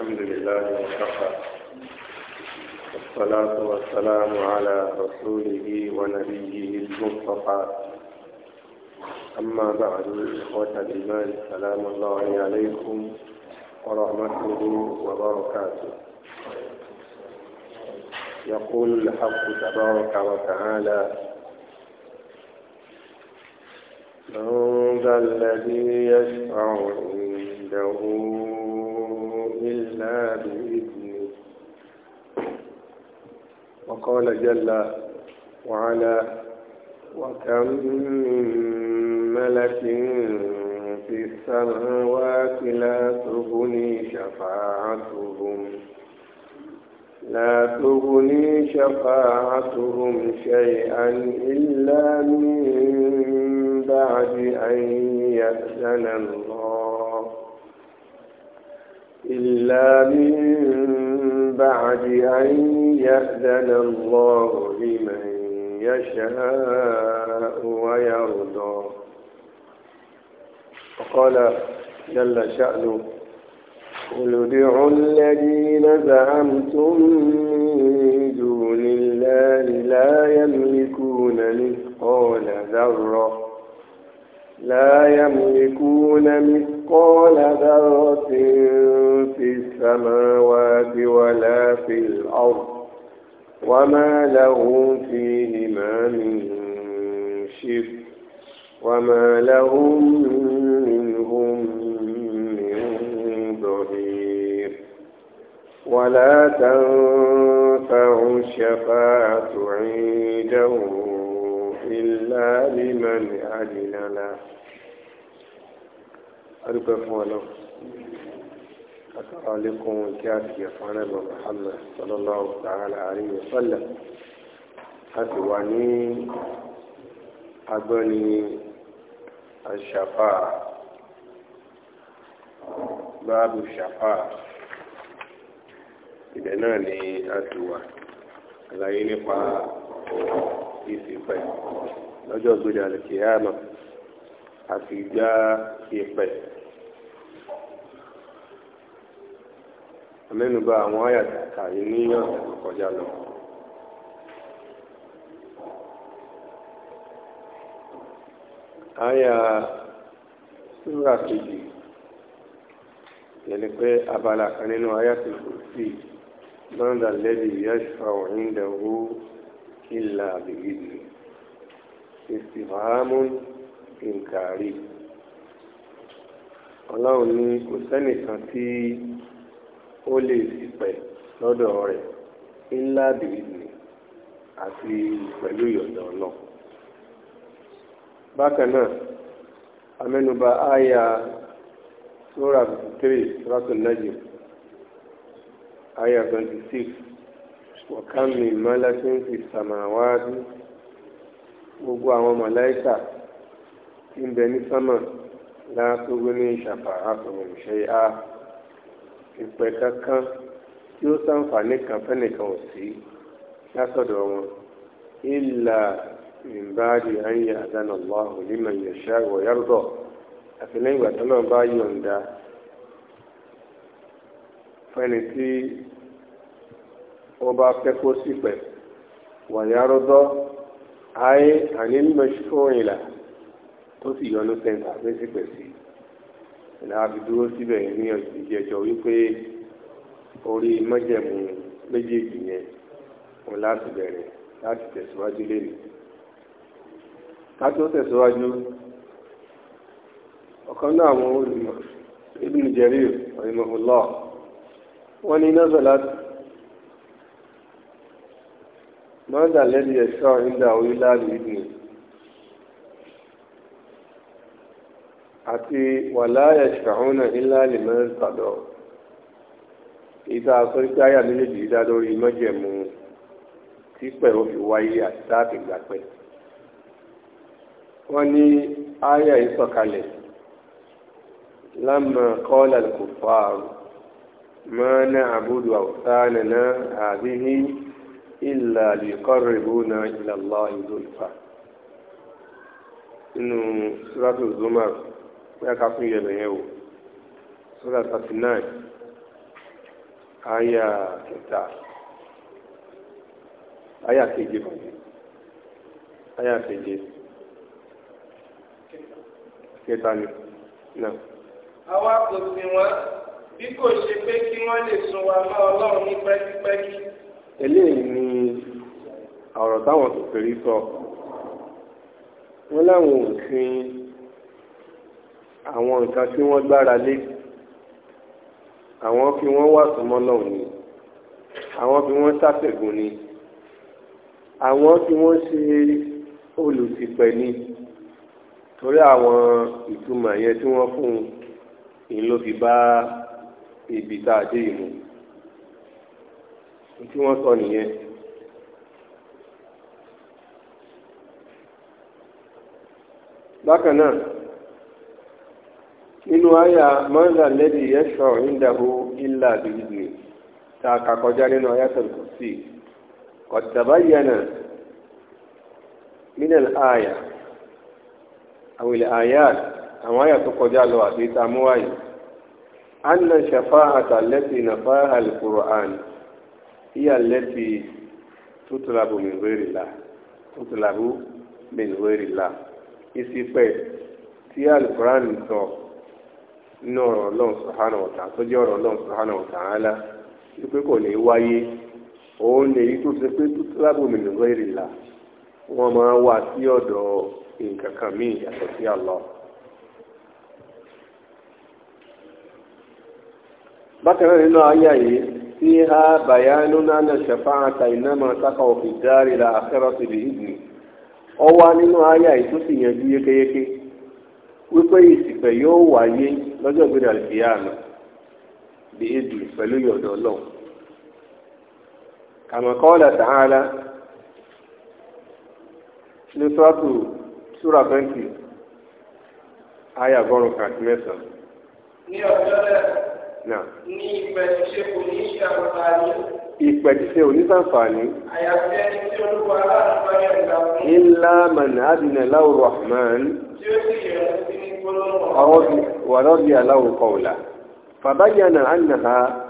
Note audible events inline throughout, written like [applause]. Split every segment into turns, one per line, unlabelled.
الحمد لله وكفى والصلاة والسلام على رسوله ونبيه المصطفى أما بعد إخوة الإيمان سلام الله عليكم ورحمته وبركاته يقول الحق تبارك وتعالى من ذا الذي يشفع عنده وقال جل وعلا وكم من ملك في السماوات لا تغني شفاعتهم لا تغني شفاعتهم شيئا إلا من بعد أن يأذن الله إلا من بعد أن يأذن الله لمن يشاء ويرضى وقال جل شأنه قل ادعوا الذين زعمتم من دون الله لا يملكون مثقال ذرة لا يملكون مثقال مثقال ذرة في السماوات ولا في الأرض وما له فيهما من شرك وما لهم منهم من ظهير ولا تنفع الشفاعة عنده إلا لمن أذن له adúpẹ́ fún ọlọ́run asàrà lẹ́kùn kí a ti yẹ̀fọ́ anábọ̀ Muhammad sallallahu ta'ala alayhi wa sallam a sì wà ní agbọ́ni àṣàfà báàbù ṣàfà ibẹ̀ náà ni a ti wà àlàyé nípa ìsìnkẹ́ lọ́jọ́ gbọdọ̀ àlùkìyàmọ̀ àti ìgbà ìpẹ́. mẹ́nubà àwọn àyàtàkà yìí ní ọ̀sẹ̀ tó kọjá lọ. àyà súrà kejì yẹni pé abala kan nínú àyàtò kùsì lọ́ndà lẹ́bi yẹ́sùfà òyìnbó ìlà àbìyí ìsìfàámù ìǹkàrí ọlọ́run ní kò sẹ́nìkan tí. ó lè ṣìpẹ̀ lọ́dọ̀ rẹ̀ ńlá bìrìbìrì àti pẹ̀lú ìyọ̀dọ̀ náà. bákan náà amẹ́nubà àyà sora three sọ́tò lẹ́jọ́ àyà twenty six wọ̀kánmi mọ́lẹ́sìn fi sàmàwáàdì gbogbo àwọn mọ̀láìkà ń bẹ ní sánmà láàtúgbó ní ìṣàfà àtọ̀rọ̀ ìṣẹ́yà. ìpè kankan tí ó sàǹfààní kan fẹ́nìkan ò sí látọ̀dọ̀ wọn ìlà ìbáàdì ayé àdánà lọ́hùn liman yasha wa yarda àtìlẹ́yìn ìgbà tó náà bá yọ̀ǹda fẹ́ni tí wọ́n bá fẹ́ kó sípẹ̀ wa ayé àní mẹ́ṣíkò ìlà tó sì yọnu sẹ́ńtà fẹ́ sí ìlà fi dúró síbẹ̀ ní ìjẹjọ wípé orí mọ́jẹ̀mú méjèèjì yẹn wọn láti bẹ̀rẹ̀ láti tẹ̀síwájú lẹ́nu. ká tẹ̀síwájú ọ̀kan náà àwọn olùmọ̀ Ibn Jarir rahimahullah wọ́n ní nazalat mọ́dà lẹ́nu ẹ̀ṣọ́ ìdá orílẹ̀ àti wàláyà ṣàhónà ńlá lèmọ́rẹ́ sàdọ̀ ìta sọ́jà àyà méjèèjì dá lórí mọ́jẹ̀mú tí pẹ̀rọ fi wáyé àti táàbì gbàpẹ́ wọ́n ní àyà ìsọ̀kalẹ̀ lámà kọ́lá kò fààrù mọ́nà àbúdù àwòsánà náà àbíhí ìlà lìkọ́rìbù náà ìlàlá ìdòlùfà nínú sùràtù zumar bóyá ká fún yẹlẹ yẹn o sura thirty nine aya kẹta aya keje fàyè aya keje kẹta ni náà.
àwa kò sí wọn bí kò ṣe pé kí wọ́n lè sún wa mọ́ Ọlọ́run ní pẹ́kípẹ́kí.
eléyìí ni ọ̀rọ̀ táwọn kò fèrè sọ wọ́n láwọn òfin àwọn nǹkan tí wọ́n gbára lé àwọn fi wọ́n wà súnmọ́ lọ́hùn ni àwọn fi wọ́n ṣàtẹ̀gùn ni àwọn fi wọ́n ṣe olùsìpẹ̀ ni torí àwọn ìtumọ̀ yẹn tí wọ́n fún un ìyẹn ló fi bá ibi tá a dé ìmú tí wọ́n sọ nìyẹn. bákan náà nínú àyà mọ́ńdà lẹ́bi yẹ́sọ̀ ìndàbó ìlà àbíyí ta kà kọjá nínú àyà tẹ̀lifù sí kọ̀tàbáyànà mínàl àyà àwọn ilẹ̀ àyà àwọn àyà tó kọjá lọ àti ìtàmúwáyì anna shafa'ata lẹ́bi nàfáà al-Qur'an hiya lẹ́bi tutulabu min ghayri Allah tutulabu min ghayri Allah ìsìpẹ̀ tí alukuran sọ. So. nínú ọ̀rọ̀ ọlọ́run subhanahu wa ọ̀rọ̀ ọlọ́run subhanahu wa ta'ala wípé kò ní wáyé òun lèyí tó ṣe pé tútù lábò mi nìgbọ́ ìrìlà wọ́n máa wà sí ọ̀dọ̀ nǹkan kan míì yàtọ̀ sí Allah. bákan ha bàyánú náà lè iná máa sáka òfin la nínú ayé yìí tó sì yékéyéké. wípé ìsìnkẹ yóò wáyé lọ́jọ́ gbé àlùfíàánù bí ebi pẹ̀lú yọ̀dọ̀ lọ. kama qala ta'ala ní sọ́ọ̀tù súrà bẹ́ǹkì ayàgọ́rùn kan àti mẹ́sàn-án.
ní ọjọ́ náà ní ìpẹ̀tíṣe kò ní ìṣàǹfààní. ìpẹ̀tíṣe ò ní ṣàǹfààní.
àyàfi ẹni tí olúwa aláàbáyọ̀
ń gbà fún. illa
man adina lahu rahman.
tí ó sì ورضي
له قوله فبين أنها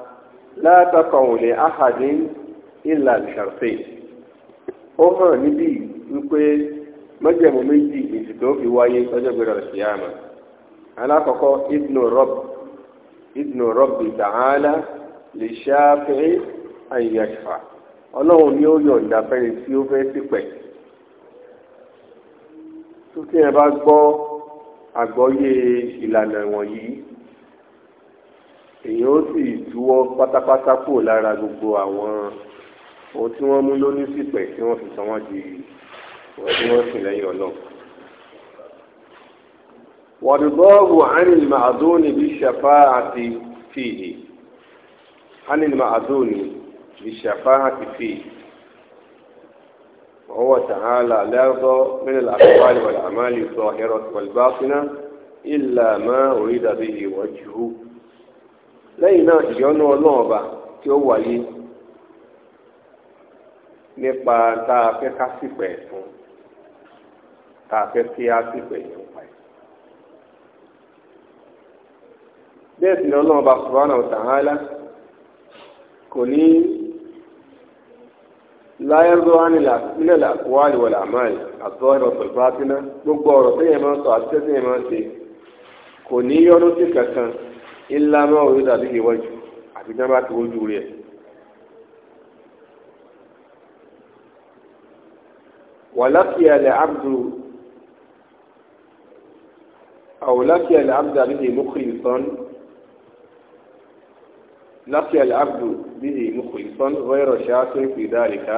لا تقع لأحد إلا بشرطين ọmọ níbí wípé mọ́jẹ̀mú méjì ìdìdó fi wáyé lọ́jọ́ gbéra ṣìyàmà alákọ̀ọ́kọ́ ibnu rob ibnu rob ta'ala lè ṣááfẹ́ àyàṣfà ọlọ́run ni ó yọ̀ǹda fẹ́ni tí ó fẹ́ sípẹ̀ àgbọ́yé ìlànà wọ̀nyí èèyàn ó sì túwọ́ pátápátá kù lára gbogbo àwọn ohun tí wọ́n mú lóní sípẹ̀ tí wọ́n fi sọ wọ́n di wọ́n tí wọ́n sìn lẹ́yìn ọlọ́run. wàdùbọ́ọ̀bù anil ma'adóni bí ṣàfá àti fìhì anil ma'adóni bí ṣàfá àti fìhì wọ́n tàhálà lẹ́rọ mẹ́rin àkọ́wálì wàlámálì sọ̀hẹ́rọ̀ wàlbáfínà ìlà máa orí dàbí ìwọ́jú lẹ́yìn náà ìyọ́nú ọlọ́run ọba tí ó wáyé nípa tá a fẹ́ ká sípẹ̀ fún tá a fẹ́ kí á sípẹ̀ yẹn pa ẹ̀. bẹ́ẹ̀ sì ni ọlọ́run ọba subhanahu wa kò ní láyé rọ́ọ̀nì nílẹ̀ àkúwálì wọ̀lẹ̀ àmáyé àtọ́ ẹ̀rọ pẹ̀lú bá tínà gbogbo ọ̀rọ̀ tẹ́yẹ̀ máa ń sọ àti tẹ́yẹ̀ máa ń ṣe kò ní yọnu sí kankan ńlá máa wọlé dàbí ìwájú àti náà bá ti wójú rẹ̀. ولقي العبد أو لقي العبد به مخلصا لقي العبد به مخلصا غير شاك في ذلك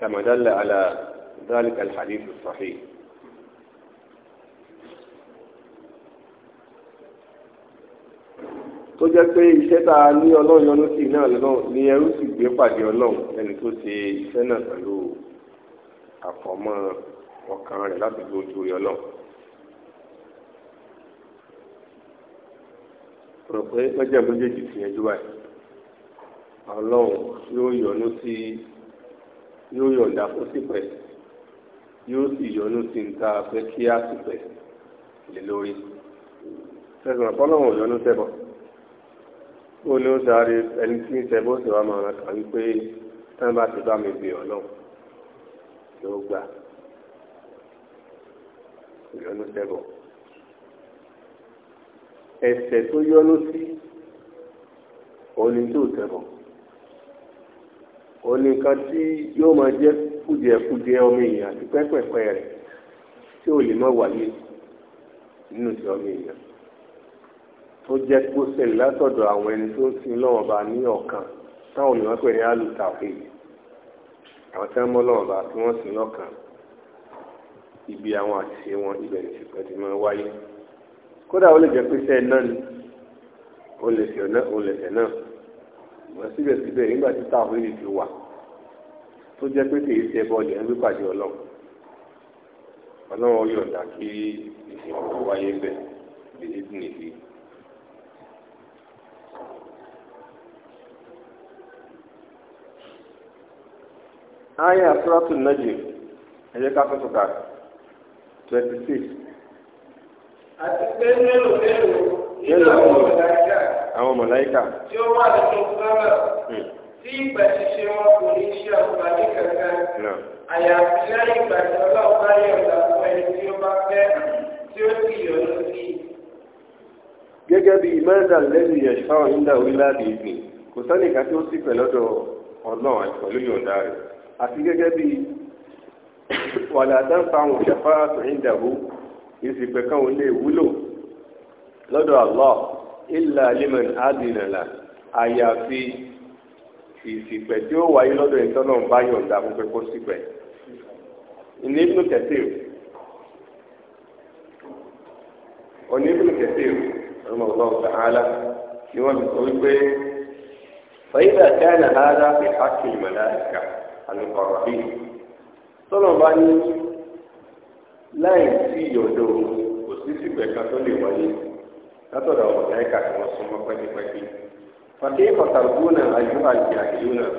كما دل على ذلك الحديث الصحيح tó jẹ́ pé iṣẹ́ tá a ní ọlọ́run yọ́nú sí náà lọ́wọ́ ni ẹrú sì gbé pàdé ọlọ́run ẹni tó ṣe iṣẹ́ náà pẹ̀lú àfọ̀mọ́ ọkàn rẹ̀ láti gbé ojú rí ọlọ́run. rò pé lọ́jọ́ méjèèjì fi ẹjú báyìí ọlọ́run yóò yọ́nú sí yóò yọ̀ǹda fún sípẹ̀ yóò sì yọ́nú sí ní tá a fẹ́ kí á sípẹ̀ lé lórí. sẹ́gun ọ̀pọ̀lọ́run ò yọ́nú sẹ́bọ̀. ó ní ó sáré ẹni tí ń sẹ́bó sì wá máa kà wípé tí wọ́n bá ti bá mi bè ọ náà yóò gbà ìyọnu sẹ́bọ̀ ẹsẹ̀ tó yọnu sí òní tó sẹ́bọ̀ òní kan tí yóò máa jẹ́ kùdìẹ̀kùdìẹ ọmọ èèyàn àti pẹ́pẹ́pẹ́ rẹ̀ tí ò lè má wáyé nínú ti ọmọ èèyàn. ó jẹ́ kó ṣẹlẹ̀ látọ̀dọ̀ àwọn ẹni tó ń sin lọ́wọ́ bá ní ọ̀kan táwọn ènìyàn pè ní alutawhid àwọn tí wọ́n mọ́ lọ́wọ́ bá tí wọ́n sin lọ́kan ibi àwọn àṣìṣe wọn ibẹ̀ nìṣẹ̀pẹ̀ ti máa wáyé kódà ó lè jẹ́ pé sẹ́ẹ̀ náà ni ó lè ṣẹ̀ náà ó lè ṣẹ̀ náà wọ́n síbẹ̀síbẹ̀ nígbà tí tawhid ti wà tó jẹ́ pé kì í ṣe bọ́ọ̀lù ẹ̀ ń pípàdé ọlọ́run ọlọ́run yọ̀ǹda kí ìṣèlú wáyé bẹ̀ lè dídùn nìyí. ha suratul najm ẹ jẹ́ ká tuntun ká twenty six.
àti pé mélòó mélòó nínú àwọn mọ̀láìkà. àwọn mọ̀láìkà. tí ó wà nínú sábà hmm. tí ìgbà kankan. àyàfi lẹ́yìn ìgbà tí ọlọ́run bá yẹ ọ̀dà fún ẹni tí ó bá fẹ́ tí ó sì yọ̀ lórí.
gẹ́gẹ́ bí mẹ́ta lẹ́nu yẹn ṣáà ń dà ìgbìn kò tí ó sì àti gẹ́gẹ́ bí wàlàdánfà àwọn òṣèfà tòhíndàwó ìsìnkú kan ò lè wúlò lọ́dọ̀ Allah illa liman adìnnàlà àyàfi ìsìnkú tí ó wáyé lọ́dọ̀ ìtọ́nà ń bá yọ̀ǹda pípẹ́ kó sípẹ́ ìníbùn kẹsìr oníbùn kẹsìr ọmọọgbọ́n sàhálà ni wọ́n sọ wípé fàyídà kánà hádà fi hákìlì màláìka. àlùkọ̀rọ̀bí tọ́lọ̀ bá ní láì sí ìyọ̀dọ̀ kò sí sígbẹ̀ kan tó lè wáyé látọ̀dọ̀ ọ̀rọ̀ láìka tí wọ́n súnmọ́ pẹ́kipẹ́kí. fàkì pàtàkì náà àyù àjẹ àyù náà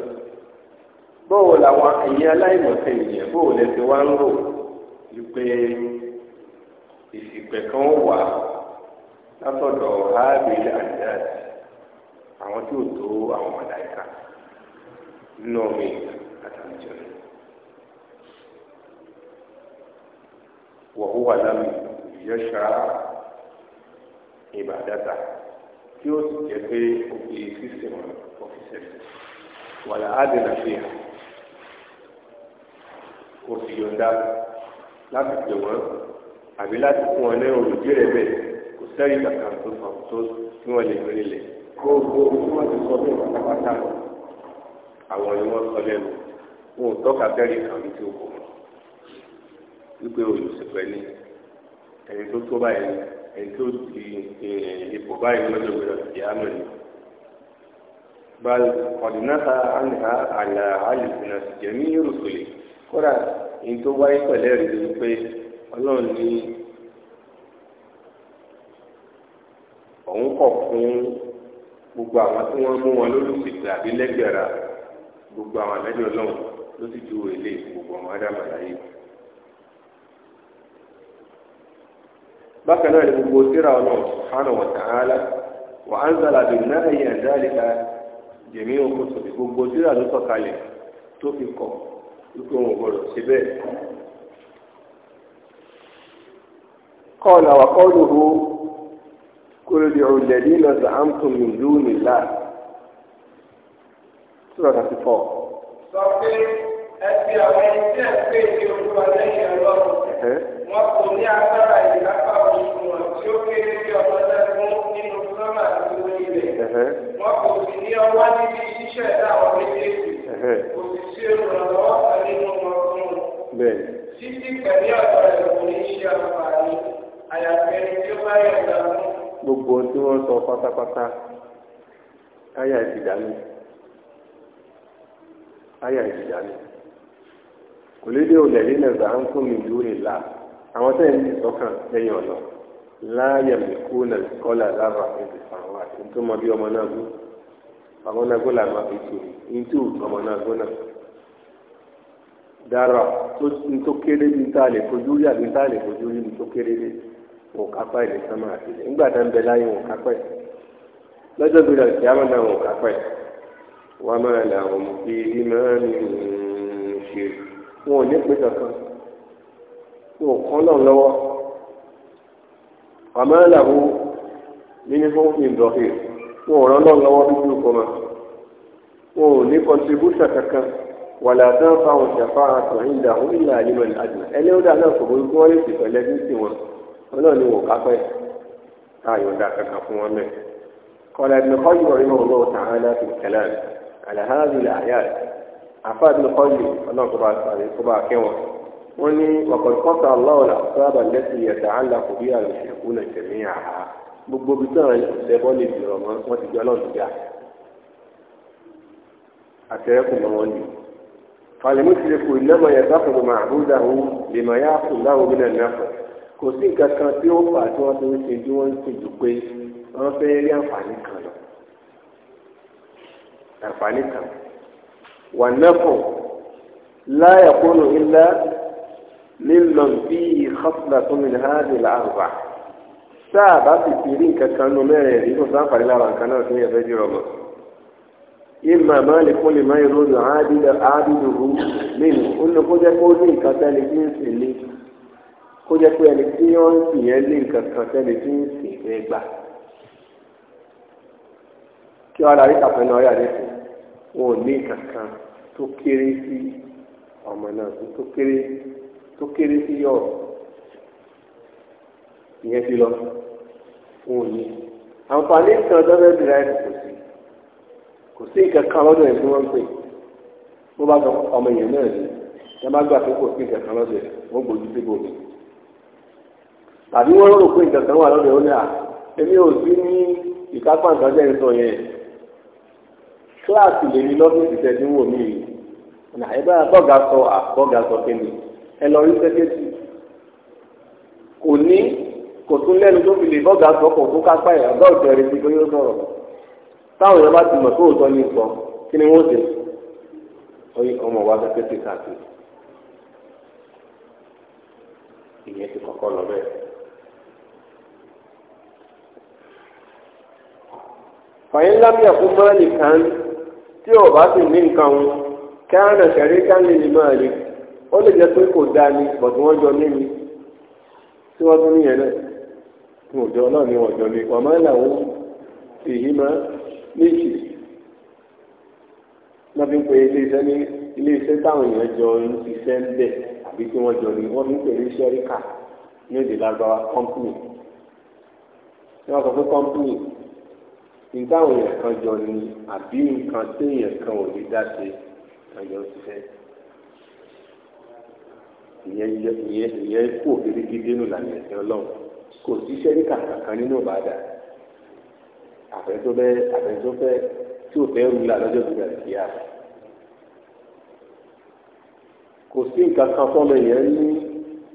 bóò làwọn ẹ̀yìn aláìmọ̀tẹ́ ìyẹn bóò lẹ́sẹ̀ wá ń rò wípé ìsìgbẹ̀ kan wà látọ̀dọ̀ ábìlì àjẹ́ àti àwọn tí ò tó àwọn màláìka nínú ọmọ ìgbà àtàlùjẹ wọ hùwà lámì yẹsà ìbàdàtà tí ó sì jẹ pé òkè sísèmù ọfíìsì
wàlà ádìrà fi
hàn kò sì yọ̀ǹda láti pè wọ́n àbí láti fún ọ ní olùdí rẹ̀ bẹ́ẹ̀ kò sẹ́yìn kàkà tó fà tó tí wọ́n lè gbélé lẹ̀. gbogbo tí wọ́n ti sọ bí wọ́n pátá àwọn ni wọ́n sọ lẹ́nu wọn ò tọ́ka fẹ́rí kan ní tí ó kọ̀ wọn wípé olùsìnpẹ́ ní ẹni tó tó báyìí ẹni tó di ipò báyìí lọ́jọ́ ìgbéra ti àmọ́ ni. bal ọ̀dùnáta àníhà àlà àlùfínà sì jẹ́ ní rùsùlì kódà ní tó wáyé pẹ̀lẹ́ rí i pé ọlọ́run ní òun kọ̀ fún gbogbo àwọn tí wọ́n mú wọn lólùsìnkú àbí lẹ́gbẹ̀ẹ́ra gbogbo àwọn àlejò ọlọ́run tó sì ju ilé gbogbo ọmọ ádámà láyé. bákan náà ni gbogbo síra ọlọ́run subhanahu wa ta'ala wa anzala bin-nahyi an dhalika jami'u kutubi gbogbo síra ló sọ̀kalẹ̀ tó fi kọ̀ wípé wọn ò gbọdọ̀ ṣe bẹ́ẹ̀. قال وقوله قل ادعوا الذين زعمتم من دون الله
سورة 34 ẹbí àwọn ẹni tí ẹ pé ní olúwa lẹ́yìn ọlọ́run wọn kò ní agbára ìyáfà òṣùwọ̀n tí ó kéré bí ọ̀dọ́dẹ́ fún nínú sọ́mà tó lórí rẹ̀ wọn kò sì ní ọwọ́ níbi ṣíṣẹ̀dá àwọn méjèèjì kò sì sí olùrànlọ́wọ́ kan nínú wọn fún un títí pẹ̀lú ọ̀dọ́ rẹ̀ kò ní ṣe àǹfààní àyàfẹ́ tí ó bá yẹ̀ ọ̀dà fún.
gbogbo tí wọ́n sọ pátápátá áyà ìdìdánù áyà ìdìdánù kò lè dé olè ní nàìjíríà ń kún mi ìlú rè la àwọn tẹ̀ ń sọ́kàn lẹ́yìn ọ̀nà láàyè mi kú nàìjíríà kọ́là lára ẹ̀dẹ̀ fàwọn àti tó mọ bí ọmọ náà gbó ọmọ náà gbó làwọn àfi tù ní tí ò ọmọ náà gbó náà dára tó kéré ní tá a lè fojú rí àbí tá lè fojú rí ní kéré ní wọn kápá ẹ̀ lẹ́sán máa ti lẹ̀ tá ń bẹ láyé wọn kápá ẹ̀ lọ́jọ́ gbéra ìṣẹ́ àwọn náà wọn kápá ẹ̀ wọ́n máa là fi rí máa ń ṣe é wọn ò ní pé kankan wọn ò kọ́ náà lọ́wọ́ àmọ́ làwọn mínífọ́n ìdọ̀fẹ́ wọn ò rán náà lọ́wọ́ dúdú kọ́ ma wọn ò ní kọ́ntribúṣà kankan wàlá tán fáwọn ṣàfà àtọ̀yìn dà ó nílà àlìmọ̀ àjò ẹni ó dà kò bóyú kí wọ́n lè ṣètò ẹlẹ́gbẹ́ sí wọn wọn náà ni wọn ò kápẹ́ káyọ̀dà kankan fún wọn mẹ́ kọ́lá ibùdókọ́ yìí wọ́n àfáàdì nìkan yìí ọlọ́run tó bá sàrè tó bá kẹ́ wọn wọ́n ní ọ̀kọ̀ọ̀kọ̀ta aláwọ̀lá sábà lẹ́sìn yẹ̀dá àlà kò bí àrùn ìṣẹ̀kú náà tẹ̀mí àhá gbogbo ibi táwọn ìṣẹ̀bọ́ lè dìrọ̀ mọ́ wọ́n ti gbé ọlọ́run jà àtẹ̀rẹ́kùn mọ́ wọn yìí. fàlẹ́mùsílẹ̀kù ìlẹ́mọ̀ yẹ̀dá kò máa àbúdà òun lè máa yá kù والنفع لا يكون إلا ممن فيه خصلة من هذه الأربع sáàbà sì ti rí nǹkan kan nu mẹ́rin rí kó sáǹfààní lára nǹkan náà tó yẹ fẹ́ dìrọ̀ mọ́. ìmọ̀ máa lè kó lè máa ń ròdù àádìdòrú lẹ́nu ó ní kó jẹ́ pé ó ní nǹkan tẹ́lẹ̀ tí ń sìn ní kó jẹ́ pé ẹni tí wọ́n ń sìn yẹn ní nǹkan kan tẹ́lẹ̀ tí ń sìn fẹ́ gbà. kí wọ́n darí kàfẹ́ náà yà lẹ́sìn. wọn ò ní kankan tó kéré sí ọmọ náà tó kéré tó kéré sí yọ ìyẹn ti lọ àǹfààní kan kò sí kò sí lọ́dọ̀ ẹ̀ tí wọ́n ń pè bó bá sọ ọmọ náà ni ẹ má gbà pé kò sí kankan lọ́dọ̀ ẹ̀ wọ́n gbòjú sí bòmí tàbí wọ́n rò pé kankan wà lọ́dọ̀ ẹ̀ ó ní kíláàsì lèmi lọ́dún ti tẹ̀sí wò mí yìí ọ̀nà àyẹ̀bá bọ́gà a àbọ́gà sọ kéde ẹ lọ rí sẹ́kẹ́tì kò ní kò tún lẹ́nu tó fi lè bọ́gà sọ kò tún kápá ẹ̀ ọ̀gá òtẹ̀ rẹ̀ ti bóyá sọ̀rọ̀ táwọn yẹn bá ti mọ̀ tó òótọ́ ní sọ kí ni wọ́n ṣe oyin ọmọ wa sẹ́kẹ́tì káàkiri ìyẹn ti kọ́kọ́ lọ bẹ́ẹ̀.
fàyín lábẹ́ àkókò mọ́lì
tí ò bá sì ní nǹkan wọn kí á nà sẹ̀rí káńlì ní máa lè ó lè jẹ́ pé kò dáa ni bọ̀dù wọn jọ ní mi tí wọ́n tún níyẹn náà tí wọ́n jọ náà ni wọ́n jọ ní ọ̀mọ́ ìlàwọ́ èyí máa méjì wọ́n fi ń pe ilé iṣẹ́ ní ilé iṣẹ́ táwọn èèyàn jọ ń ṣiṣẹ́ ń bẹ̀ àbí tí wọ́n jọ ní wọ́n fi ń pè ní sẹ́ríkà ní èdè lágbára kọ́ńpìnì tí sọ pé kọ́ńpìnì nǹkan àwọn èèyàn kan jọ ni àbí nǹkan téèyàn kan ò lè dá ṣe ẹ̀yọ́ ṣiṣẹ́ ìyẹn kú òbíríkí dénú lànà ẹ̀sìn ọlọ́run kò síṣẹ́ ní kàkà kan nínú ìbàdàn àfẹ́sọ́fẹ́ àfẹ́sọ́fẹ́ tí ò fẹ́ rúlà lọ́jọ́ ìgbà ìyá kò sí nǹkan kan fọ́mọ èèyàn ní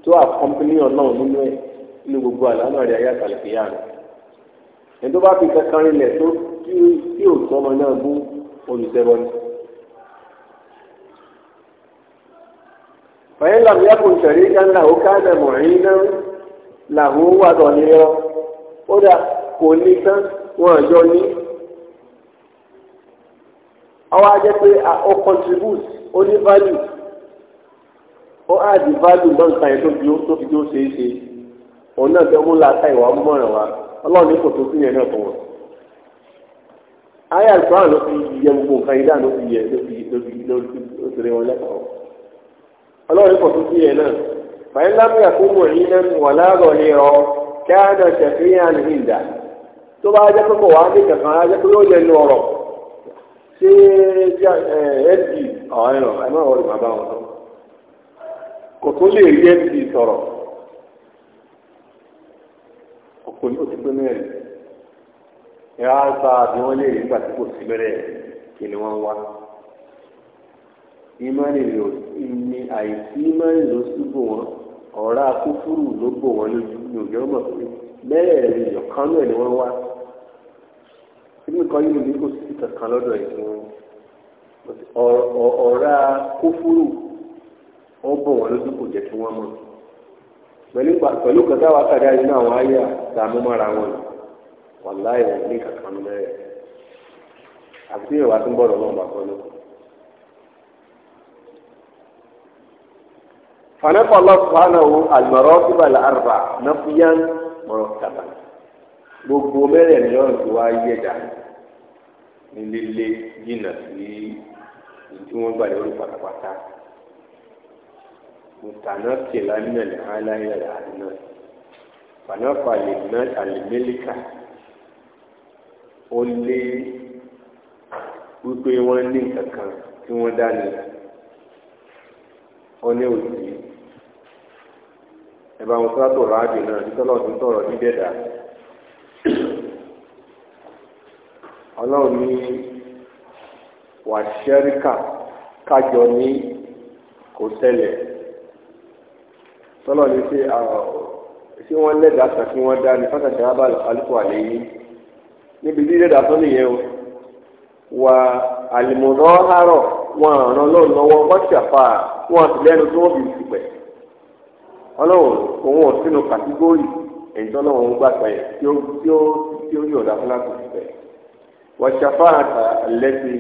tó àkọ́mpínì ọlọ́run nínú ẹ̀ nínú gbogbo àlànà rẹ̀ ayé àtàlẹ́fẹ́yà rẹ̀ ẹni tó bá fi kankan rinlẹ̀ tó o ò sọmọ náà bú olùsẹ̀bọ ni. fàyín làwọn yàgò ìṣẹ̀rí kánlá ó ká nà mọ̀rin náà làwọn ó wà lọ nírọ́
ó dà kò ní tán wọn àjọ ní. àwa jẹ́ pé ó contribute ó ní value ó add
value náà nǹkan yẹn tó fi tó fi tó ṣeé ṣe òun náà fẹ́ mú làákà ìwà mọ̀ràn wa ọlọ́run ní kò tó sí yẹn náà fún wọn. ayé àlùfáà ló fi yẹ gbogbo nǹkan yìí dáa ló fi yẹ ló fi ló fi ló fi ló fi rẹ wọn lẹ́kọ̀ọ́. ọlọ́run ní kò tó sí yẹn náà. fàyín lámúyà fún mọ̀ yín náà wà láàrọ̀ ní ọ kí á nà ṣàfihàn ìdá. tó bá jẹ́ pípọ̀ wá ní kankan á jẹ́ pé yóò yẹnu ọ̀rọ̀. ṣé mp ọ̀hún ẹ̀rọ ẹ̀ má wọlé bàbá wọn. kò tó lè rí mp sọ̀rọ̀ kò ní òtí pé mẹ́rin ìhà àgbà bí wọ́n lè rí nígbà tí kò sí bẹ́rẹ̀ kí ni wọ́n wá ìmọ̀lẹ̀ lò ní àìsí ìmọ̀lẹ̀ ló síbò wọn ọ̀rá kúfúrú ló bò wọn lójú ní òjò mọ̀ pé mẹ́rẹ̀ẹ̀rin ìyọ̀kan náà ni wọ́n wá inú kan yìí ní kò sí kankan lọ́dọ̀ ẹ̀ fún ọ̀rá kúfúrú ó bò wọn lójú kò jẹ́ kí wọ́n mọ̀ pẹ̀lú kẹta wa kàdá inú àwọn àyà tá a mú mọ́ra wọn wàláyé ní kankan lẹ́yìn àti ìwà tó ń bọ̀ lọ́wọ́ bá kọ́ lóko. فنفى الله سبحانه المراتب الأربع نفيا مرتبا gbogbo mẹ́rẹ̀ẹ̀rin lọ́rùn tó wá yẹ dà ní lílé jìnnà sí tí wọ́n gbà pátápátá متنقلا من العالم إلى العالم فنقل الملك ó ní kankan tí wọ́n dání ó ní òsì ẹ̀bá wọn tó látò ráàdì náà títọ́lọ́ tó sọ̀rọ̀ dídẹ̀dà ọlọ́run ní wàṣẹ́ríkà kájọ ní kò tọ́lọ̀ ní ṣe ṣé wọ́n lẹ́dàá kan tí wọ́n dá ní fásitì abá alùpùpù àlẹ́ yìí níbi tí lẹ́dàá tó nìyẹn o wà àlìmọ̀dọ́ àárọ̀ wọn àràn lọ́rùn lọ́wọ́ wọ́n ṣàfà wọn àti lẹ́nu tí wọ́n fi ṣùpẹ̀ ọlọ́run òun ò sínú kàtígórì èyí tó lọ́wọ́ ń gbà pẹ́ tí ó tí ó tí ó yọ̀dá fún láti ṣùpẹ̀ wọ́n ṣàfà àtàlẹ́sì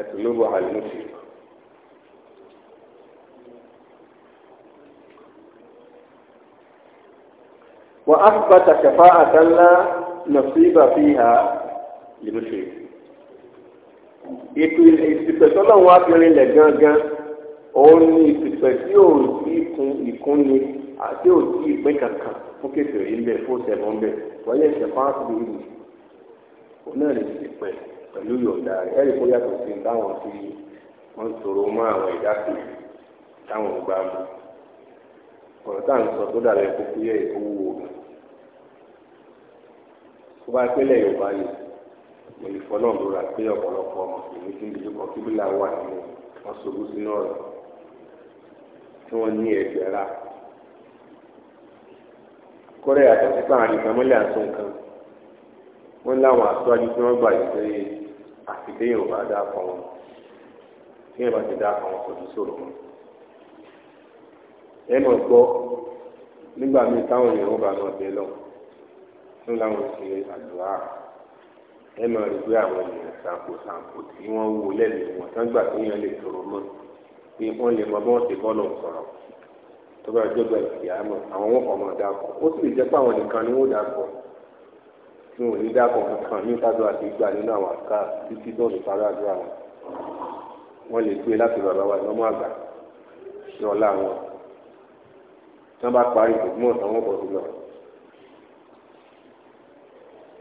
ẹ̀sùn lóbo àlùmọ̀ṣẹ́. وأثبت شفاعة لا نصيب فيها للمشرك ètò ìsìnkú sọ́nà wa bẹ̀rẹ̀ lẹ̀ gángan òun ni ìsìnkú tí ò sí ìkún ìkúnni àti ò sí ìpín kankan fún kékeré ń bẹ fún sẹ̀mọ́ ń bẹ wọ́n yẹ ṣẹ̀fá àtúndì ìlú òun náà lè ti pẹ̀lú yọ̀ǹda rẹ̀ ẹ̀rí kó yàtọ̀ sí táwọn tí wọ́n sọ̀rọ̀ mọ́ àwọn ìdá kan táwọn gbà mọ́ ọ̀rọ̀ táwọn sọ tó dàbẹ̀ kókó yẹ ìkówó wò tó bá pẹ́lẹ̀ yorùbá ni olùfọ́ náà ló ra pé ọ̀pọ̀lọpọ̀ ọmọ ìlú tí ń dojú kọ kíbílà wà nínú wọn ṣubú sínú ọ̀rọ̀ tí wọ́n ní ẹgbẹ́ ra kọ́rẹ́ àtẹ̀sípà àdìgbàmọ́lẹ̀ àti nǹkan wọ́n láwọn àtúwájú tí wọ́n gbà yìí pé àfikẹ́ yorùbá dá fún wọn tí yorùbá ti dá fún wọn kò tún sòrò wọn ẹ mọ̀ nígbà míì táwọn èèyàn bá lọ bẹ lọ́wọ́ tó láwọn ṣe àdúrà ẹ máa rí pé àwọn ènìyàn ṣàǹkóṣàǹkó tí wọ́n wò lẹ́nu wọn tán gbà tó yàn lè tòrò mọ́ pé wọ́n lè mọ bí wọ́n ti bọ́ọ̀lù sọ̀rọ̀ tó bá jọba ìyáàmọ̀ àwọn wọn kọ̀ mọ̀ dákọ̀ ó sì lè jẹ́ pé àwọn nìkan ni wọ́n dákọ̀ tí wọn ò ní dákọ̀ kankan ní ìtajọ àti ìgbà nínú àwọn àká títí tó lè parí àdúrà wọn wọn lè gbé láti bàbá wa ìmọ̀mọ́ àgbà ṣe wọn tí wọ́n bá parí ìgbìmọ̀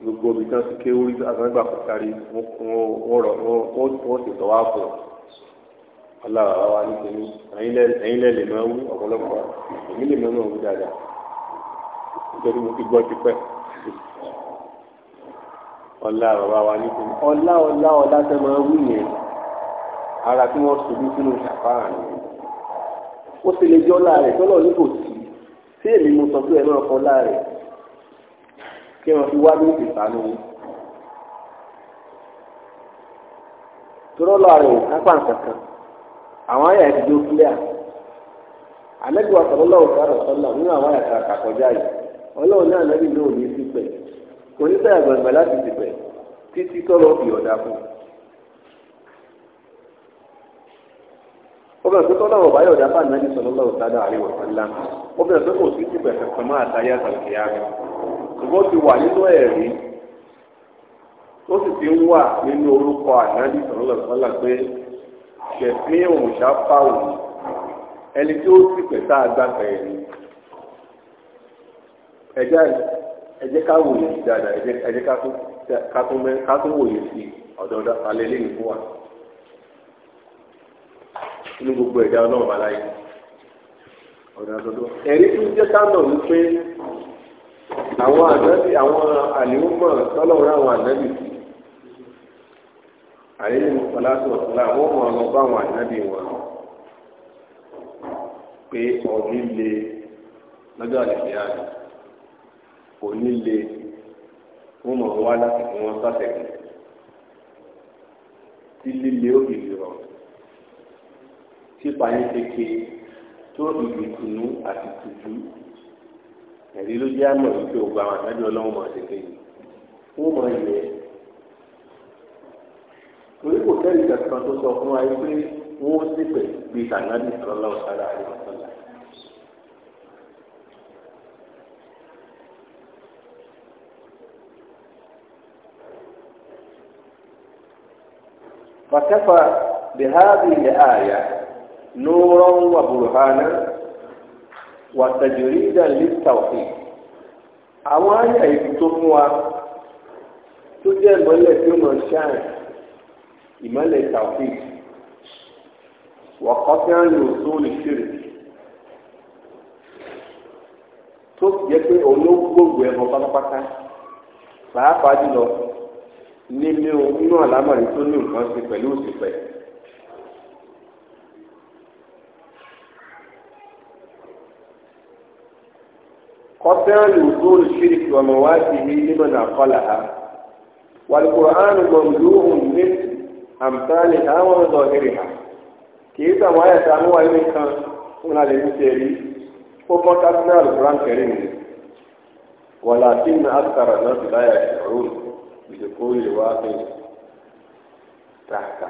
gbogbo ibi tí wọ́n ti ké orí àgbàgbà kọ̀ọ̀kárí wọ́n sì tọ́ wá fún ọ. alára wa ní tèmi ẹ̀yin lẹ́ lè máa wú ọ̀pọ̀lọpọ̀ èmi lè máa wú dáadáa nítorí mo ti gbọ́ tipẹ́. ọlá bàbá wa ní tèmi ọlá ọlá ọlá tẹ́ máa wú yẹn ara tí wọ́n ṣubú sínú ṣàfáà ni ó sì lè jọ́ láàrẹ̀ tọ́lọ́ ní kò sí sí èmi mo sọ pé ẹ máa fọ́ láàrẹ̀. kí wọ́n fi wá ní ìsànú yìí. tọ́lọ́lọ́ rẹ̀ kápá nǹkankan àwọn àyà ìdíjọ́ ọrụ àlẹ́gbẹ̀wá sọ̀rọ̀lọ́ òkàrọ̀ sọ́lá nínú àwọn àyà yi àkàkọ́já yìí ọlọ́run náà lẹ́bi náà ní sípẹ̀ kò ní sẹ́yà gbàgbà láti sípẹ̀ títí tọ́lọ́ fi ọ̀dà fún un. tọ́lọ́wọ̀ báyọ̀ ọ̀dà àríwọ̀ kò sí kankan máa ṣùgbọ́n ti wà nínú ẹ̀rí ó sì ti ń wà nínú orúkọ pé ṣẹ̀fín ẹni tí ó sì pẹ̀ tá a gbà pẹ̀ ẹ̀rí ẹ̀jẹ̀ ká wòye sí dáadáa ẹ̀jẹ̀ ká tún wòye sí ọ̀dọ̀ọ̀dọ̀ alẹ́ lẹ́yìn fún wa inú gbogbo ẹ̀dá ọlọ́run ọ̀dọ̀ àtọ́dọ́ ẹ̀rí tún àwọn ànábì àwọn àlìmọ́ tọ́lọ́run àwọn ànábì àyẹ̀lẹ̀ mọ̀sálásí ọ̀sálà wọ́n mọ̀ ọ̀nà bá àwọn ànábì wọn pé ọ̀ní le lọ́jọ́ àlẹ́fẹ́ àná òní le wọ́n mọ̀ wá láti fún wọn sátẹ̀kù tí líle ó fi lè rọ̀ tí pààyàn kéke tó ìgbìkùnú àti tìjú ẹ̀rí ló jẹ́ àmọ̀ yìí pé ògbà àwọn àdájọ́ ọlọ́run máa ṣe kéyì wọ́n mọ ilẹ̀ torí kò tẹ́lẹ̀ ìjàkùn tó sọ fún wa yìí pé wọ́n sì pẹ̀ gbé tànàbí sọlọ́ọ̀ sára àríwọ̀sọ́lá. فكفى بهذه الآية نورا وبرهانا wàtàjòrí ìdánilé tàwé àwọn àyà ìlú tó mú wa tó jẹ́ ìmọ̀lẹ̀ tí ó máa ṣáàyè ìmọ̀lẹ̀ tàwé wàkọ́fẹ́ àlò tó lè ṣèrè tó jẹ́ pé olóògbòògbò ẹ̀mọ́ pátápátá pàápàá jùlọ nínú àlámọ̀rí tó ní nǹkan ṣe pẹ̀lú òṣìpẹ̀. قطع لوصول الشرك ومواته لمن عقلها والقرآن مملوء من أمثالها ومظاهرها kìí sàwọn ayẹ̀tẹ̀ amúwá ilé kan fún alẹ́ ní ṣe rí ó mọ́ kásínà alukuran kẹrin ni wàlá tí ní asàrà náà ti láyà ìṣòro ìdókòwò ìwà àfẹ́ tààtà.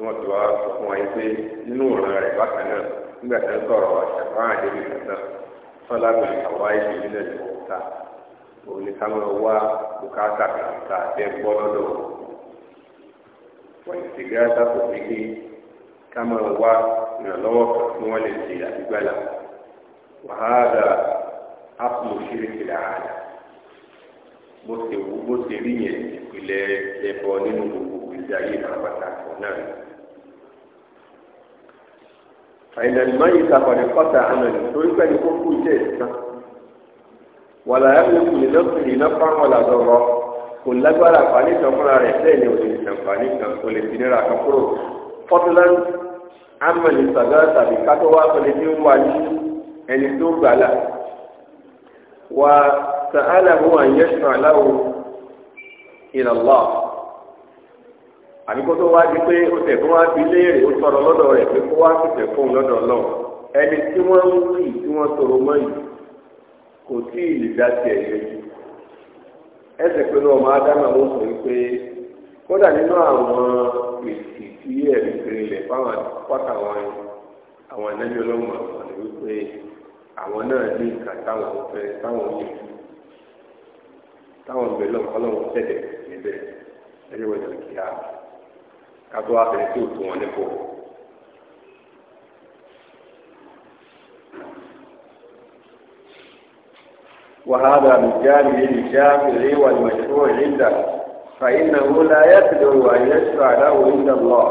tí wọ́n ti wá sọ fún wa yìí pé nínú ọ̀ràn rẹ̀ bákan náà nígbà tí dị sọ̀rọ̀ àṣàfáà débi kàtà sọ́lá àwa ìlú ọ̀tá òun ni káwọn wá bùkátà kàtà tẹ́ gbọ́ lọ́dọ̀ wọ́n ti gbé àtàkù gbígbé káwọn wá ìrànlọ́wọ́ kan wọ́n lè ṣe àdúgbàlà wàhálà ṣíríkì làálà bó wú bó rí yẹn ìpìlẹ̀ ẹ̀bọ nínú gbogbo
àyìnlẹ́nìmọ́ yìí sàkọ̀dé kọ́tà àmàlẹ́ torí
pẹ́ni kó kú iṣẹ́ ìsàn wàlà ẹ̀mí kùnì lọ́kùnrin iná fáwọn làdọ̀rọ̀ kò lágbára àǹfààní kan fúnra rẹ̀ bẹ́ẹ̀ ni òní àǹfààní kan kò lè fi nira kan kúrò fọ́túlán àmàlẹ́ sàgá tàbí kátó wá pẹ̀lẹ́ tí ó wà ní ẹni tó gbàlà wà sàálà hùwà yẹ́sùn aláwọ̀ ìlàlọ́ọ̀ àbí kó tó wá di pé ó tẹ̀ kó wá fi léèrè ó sọ̀rọ̀ lọ́dọ̀ rẹ̀ pé kó wá sì tẹ̀ fóun lọ́dọ̀ náà ẹni tí wọ́n ń wí tí wọ́n sọ̀rọ̀ mọ́ yìí kò tí ì lè dá tiẹ̀ yẹjú ẹsẹ̀ pé náà máa dáná ó sọ wípé kódà nínú àwọn èsì tí ẹ̀rí kiri lẹ̀ fáwọn pátá wọn àwọn ẹ̀nẹ́bí ọlọ́mọ àwọn ni wípé àwọn náà ní ìka táwọn fẹ́ táwọn yẹ
táwọn bẹ̀ lọ́kọ́ lọ́wọ́
tẹ̀lẹ̀ kátó wá sẹ́ni tí tó wọn nípò. وهذا من للشافعي والمشروع عنده فإنه لا يدعو أن يشفع له عند الله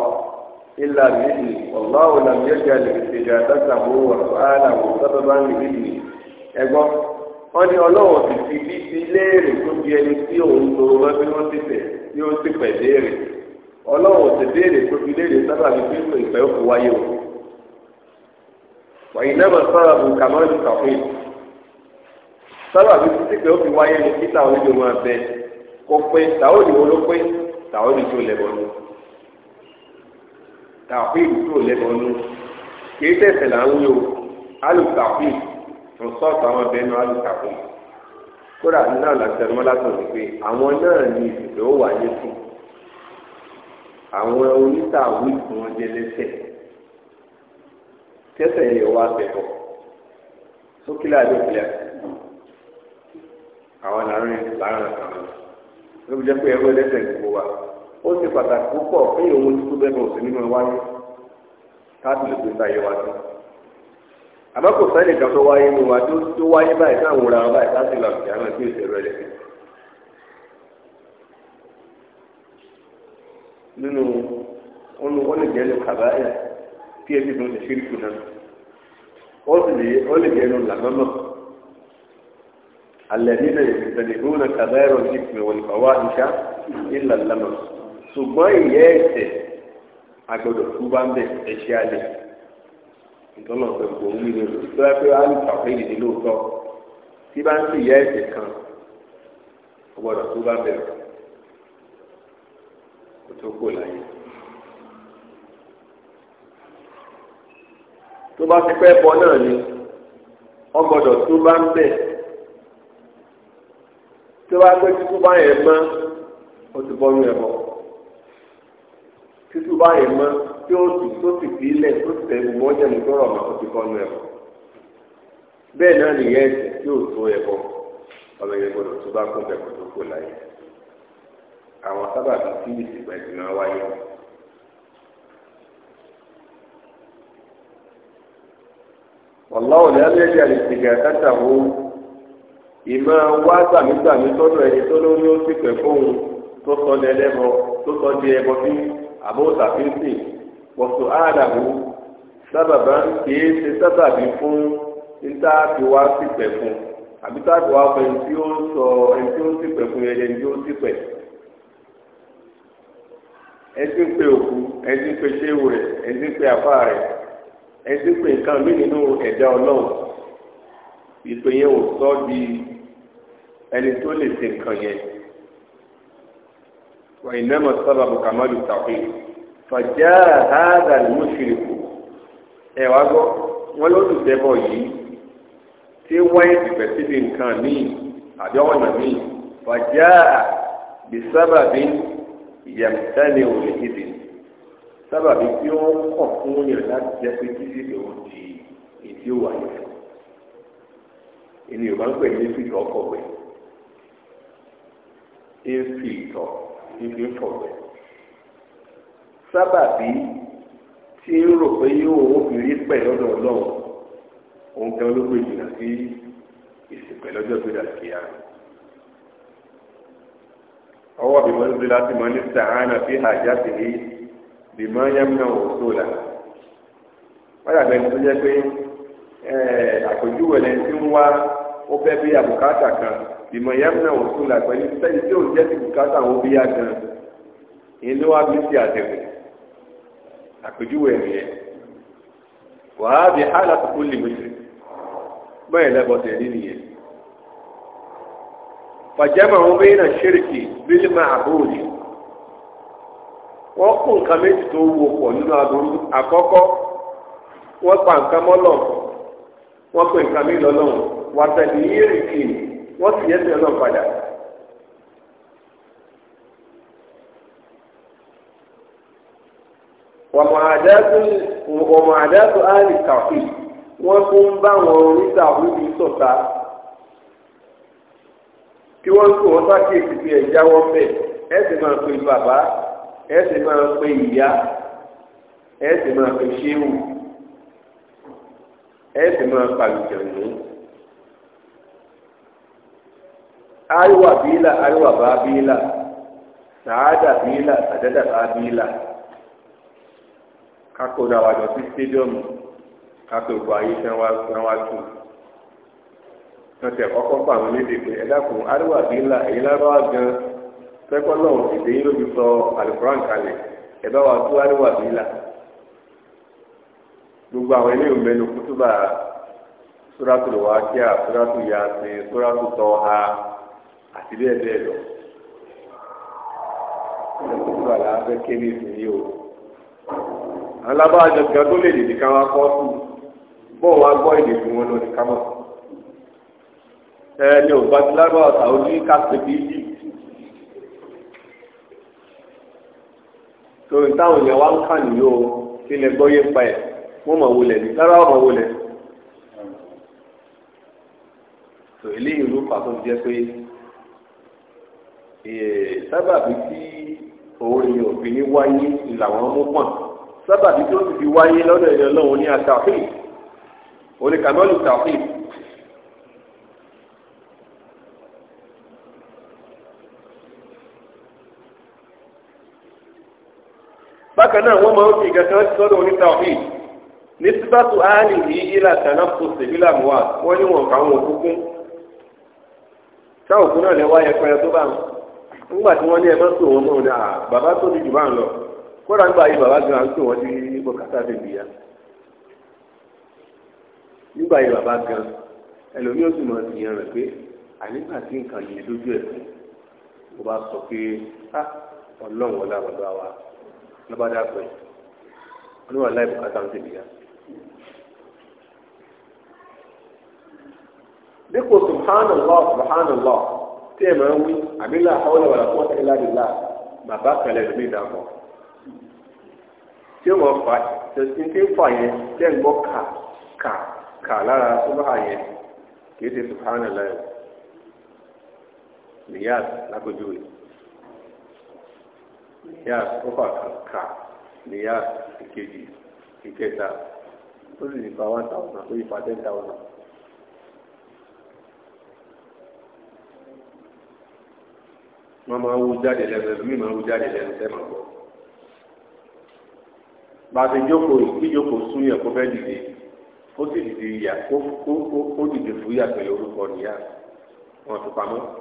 إلا بإذنه والله لم يجعل استجابته وسؤاله سببا بإذنه ẹgbọ́n wọ́n ní ọlọ́wọ́ ti في bíbí léèrè tó di ẹni tí òun tòrò mọ́ ọlọ́run ti béèrè tó fi léèrè sábà ní bí ìpè ìfẹ́ òkú wáyé o wàyí náà máa sábà bù kàmọ́ ní kàfé sábà bí títí pé ó fi wáyé ní títà onídìí máa bẹ kó pé tàwọn ìwọ ló pé tàwọn ìjọ lẹ́bọ̀ nù tàfé ìjọ lẹ́bọ̀ nù kìí tẹ̀sẹ̀ là ń wí o alùpàfé rọ̀sọ́ọ̀tù àwọn abẹ́nu alùpàfé kódà náà làtẹ̀mọ́lá tó ní pé àwọn náà ní ìdìbò wà ní sùn àwọn onítàwí tí wọ́n jẹ lẹ́sẹ̀ tẹ́sẹ̀ yẹ wá bẹ̀bọ̀ sókílà àdókìlà àwọn làárín làárín àwọn lóbi jẹ́ pé ẹ̀rọ ẹlẹ́sẹ̀ gbogbo wa ó ṣe pàtàkì púpọ̀ pé òun ti tó bẹ́ẹ̀ òsì nínú wáyé káàkiri tó ń ta yẹ wá sí. àbákò sẹ́yìn kan tó wáyé nínú wa tó wáyé báyìí táwọn òun ra wọn báyìí láti làkùnjá náà tí ò nínú wọn lè jẹ́ nínú kàbáyà tí ẹbí tó ń lè ṣírí kùnà ó sì lè ó lè jẹ́ nínú làmọ́mọ́ alẹ́bí náà yẹn tẹ̀lé kó na kàbáyà rọ̀ sí ìpínlẹ̀ wọn ìfà wá ìṣá ìlà lámọ́ ṣùgbọ́n ìyẹ́ ẹ̀ṣẹ̀ agbọ́dọ̀ tó bá ń bẹ̀ ẹ̀ṣẹ̀ alẹ́ ìtọ́nà pẹ̀lú òun nínú tó yẹ pé alùpàpẹ́ ìdílé lóòótọ́ tí bá ń sì ìyẹ́ ẹ̀ṣẹ̀ kan ọgbọ́dọ̀ tó bá bẹ̀rẹ̀ tó kò láyé. tó bá ti pẹ́ bọ́ náà ni wọ́n gbọ́dọ̀ tó bá ń bẹ̀ tó bá pé títú bá yẹn mọ́ ó ti bọ́nú ẹ̀ bọ́ bá yẹn mọ́ tí ó tù tó ti fi ilẹ̀ tó sì tẹ̀lé àwọn sábàbí tí ìsìnkú ẹ̀sìn máa wáyé. wàláwò ní alẹ́jẹ́ àlèsìgà kátàwó ìmọ̀ wá gbàmígbàmí tọ́jú ẹni tó lórí ó sì pẹ̀ fóun tó sọ ní ẹlẹ́bọ tó sọ di ẹbọ bí àbóòtà fi ń sìn pọ̀tù àdàbò sábàbá kìí ṣe sábàbí fún níta fi wá sí pẹ̀ fún àbí tá a fi wá pẹ̀ ẹni tí ó sọ ẹni tí ó sì pẹ̀ fún ẹni tí ó sì pẹ̀ fún ẹtí ń pe òkú ẹtí ń pe ṣéwù rẹ ẹtí ń pe àfa rẹ ẹtí ń pe nǹkan mí nínú ẹ̀dá ọlọ́run ìpè yẹn ò sọ di ẹni tó lè ṣe nǹkan yẹn wọ́n ìnáwó sábà bùkàmọ́lù tàwé fàjà àádà lùmùsìlìkù ẹ wá gbọ́ wọ́n ló dùn dẹ́bọ̀ yìí tí wáyé tìpẹ́ síbi nǹkan míì àbí ọ̀nà míì fàjà bisábàbí ìyàmùtánì òní ìdè sábàbí tí ó kọ̀ fún yẹn láti jẹ́ pé títí lòun di ìdí òwò àyẹ̀fọ́ ènìyàn máa ń pè ní fìtọ̀ ọkọ̀wé ìfìtọ̀ ìfìtọ̀wé sábàbí tí ń rò pé yóò rí pẹ̀ lọ́dọ̀ ọlọ́run òun gan ló gbé jìnnà sí ìsìnkú lọ́jọ́ gbé ọwọ́ bímọ ń zila ti mọ ní sàánà fi àjà sí ní bímọ yẹmúnà òtó la wọ́n yàgbẹ́ ní tó jẹ́ pé àpèjúwe lẹ́yìn tí ń wá ó fẹ́ bí àbùkátà kan bímọ yẹmúnà òtó la pẹ̀lú sẹ́yìn tí ò jẹ́ ti bùkátà ó bí yá gan inú wa bí ti àtẹ̀wé àpèjúwe nìyẹn wàá bí hálà tó kó lè mọ̀ bẹ́ẹ̀ lẹ́bọ̀ tẹ̀lé nìyẹn. fàjẹ́mọ̀ bẹ́yìn ṣírìkì bílí ma'budi wọ́n kún nǹkan méjì tó wò pọ̀ nínú aburú àkọ́kọ́ wọ́n pa nǹkan mọ́lọ̀ wọ́n pe nǹkan mí lọ́lọ́run wàtẹ̀lì yírìkì wọ́n sì yẹ́sẹ̀ náà kí wọ́n kó wọn sákèsì pé ẹ̀ jáwọ́ mẹ́ ẹ sì máa pe bàbá ẹ sì máa pe ìyá ẹ sì máa pe ṣéwù ẹ sì máa pàlùjọ̀nù. ariwa bíílà ariwa bá bíílà sàádà bíílà sàdádà bá bíílà kákó dáwàjọ sí stadium kákó ìbò ayé fẹ́ wá tún. wọn ti àkọ́kọ́ pa àwọn méjì pé ẹ dákun ariwo àbí ńlá èyí lárúbáwá gan náà yìí ló fi sọ wa ńlá gbogbo àwọn ilé kútúbà àti lọ. o. alábàájọ tó lè dìde wá kọ́ bọ́ọ̀ wá gbọ́ èdè fún wọn ẹni ò gbàtí lágbàá sàwùdí kásìkì yìí torí táwọn èèyàn wá ń kà nìyó ilẹ̀ gbọ́yé pa ẹ̀ wọ́n mọ̀ wọlé ní lára ọmọ wọlé tò eléyìí ló fà tó jẹ́ pé sábàbí tí òun ni òfin wáyé làwọn mú pọ̀n sábàbí tó ti wáyé lọ́dọ̀ ìyẹn lọ́wọ́ ní àtàfíì oníkàmọ́lù tàfíì. bákan náà wọ́n máa ń fi ìgbàkan sọ́dọ̀ oníta ọ̀hìn ní síbátù áàlì yìí ilà tànà fòsè bílà mùwà wọ́n ní wọn káwọn òkúkún táwọn òkú náà lè wá ẹ̀kọ́ ẹ tó bá wọn nígbà tí wọ́n ní ẹ̀fọ́ sọ wọn náà ní à bàbá tó di jù bá ń lọ kódà nígbà yìí bàbá gan sọ wọn di bọ́kátà bèbí ya nígbà yìí bàbá gan ẹlòmíì ó sì mọ̀ sí yẹn pé ànígbà tí nǹkan yìí lójú ẹ̀ mo bá sọ pé ah, ọlọ́run ọlá bàbá wa ló bá dá pẹ́ wọn ní wà láì bùkátà ń tèmi yá. dípò subhanallah subhanallah tí ẹ máa ń wí àbílà àwọn ìwà làkúwọ́ sí ilá ìlà bàbá kẹlẹ̀ lómi ìdàpọ̀ tí ó mọ̀ fà tẹ̀sí tí ń fà yẹn tẹ́ ń gbọ́ kà kà kà lára súbà yẹn kì í ṣe subhanallah nìyá lápẹjúwe yas ọfà kàkà ní yas ìkejì ìkẹta ó sì nípa one thousand ó yípa ten thousand. wọ́n máa ń wú jáde lẹ́nu ẹ̀mí máa ń wú jáde lẹ́nu tẹ́ máa gbọ́. bàtí jókòó ìjókòó sún yẹ kó fẹ́ dìde ó sì dìde ìyà kó dìde fún yà pẹ̀lú orúkọ nìyà wọ́n fi pamọ́.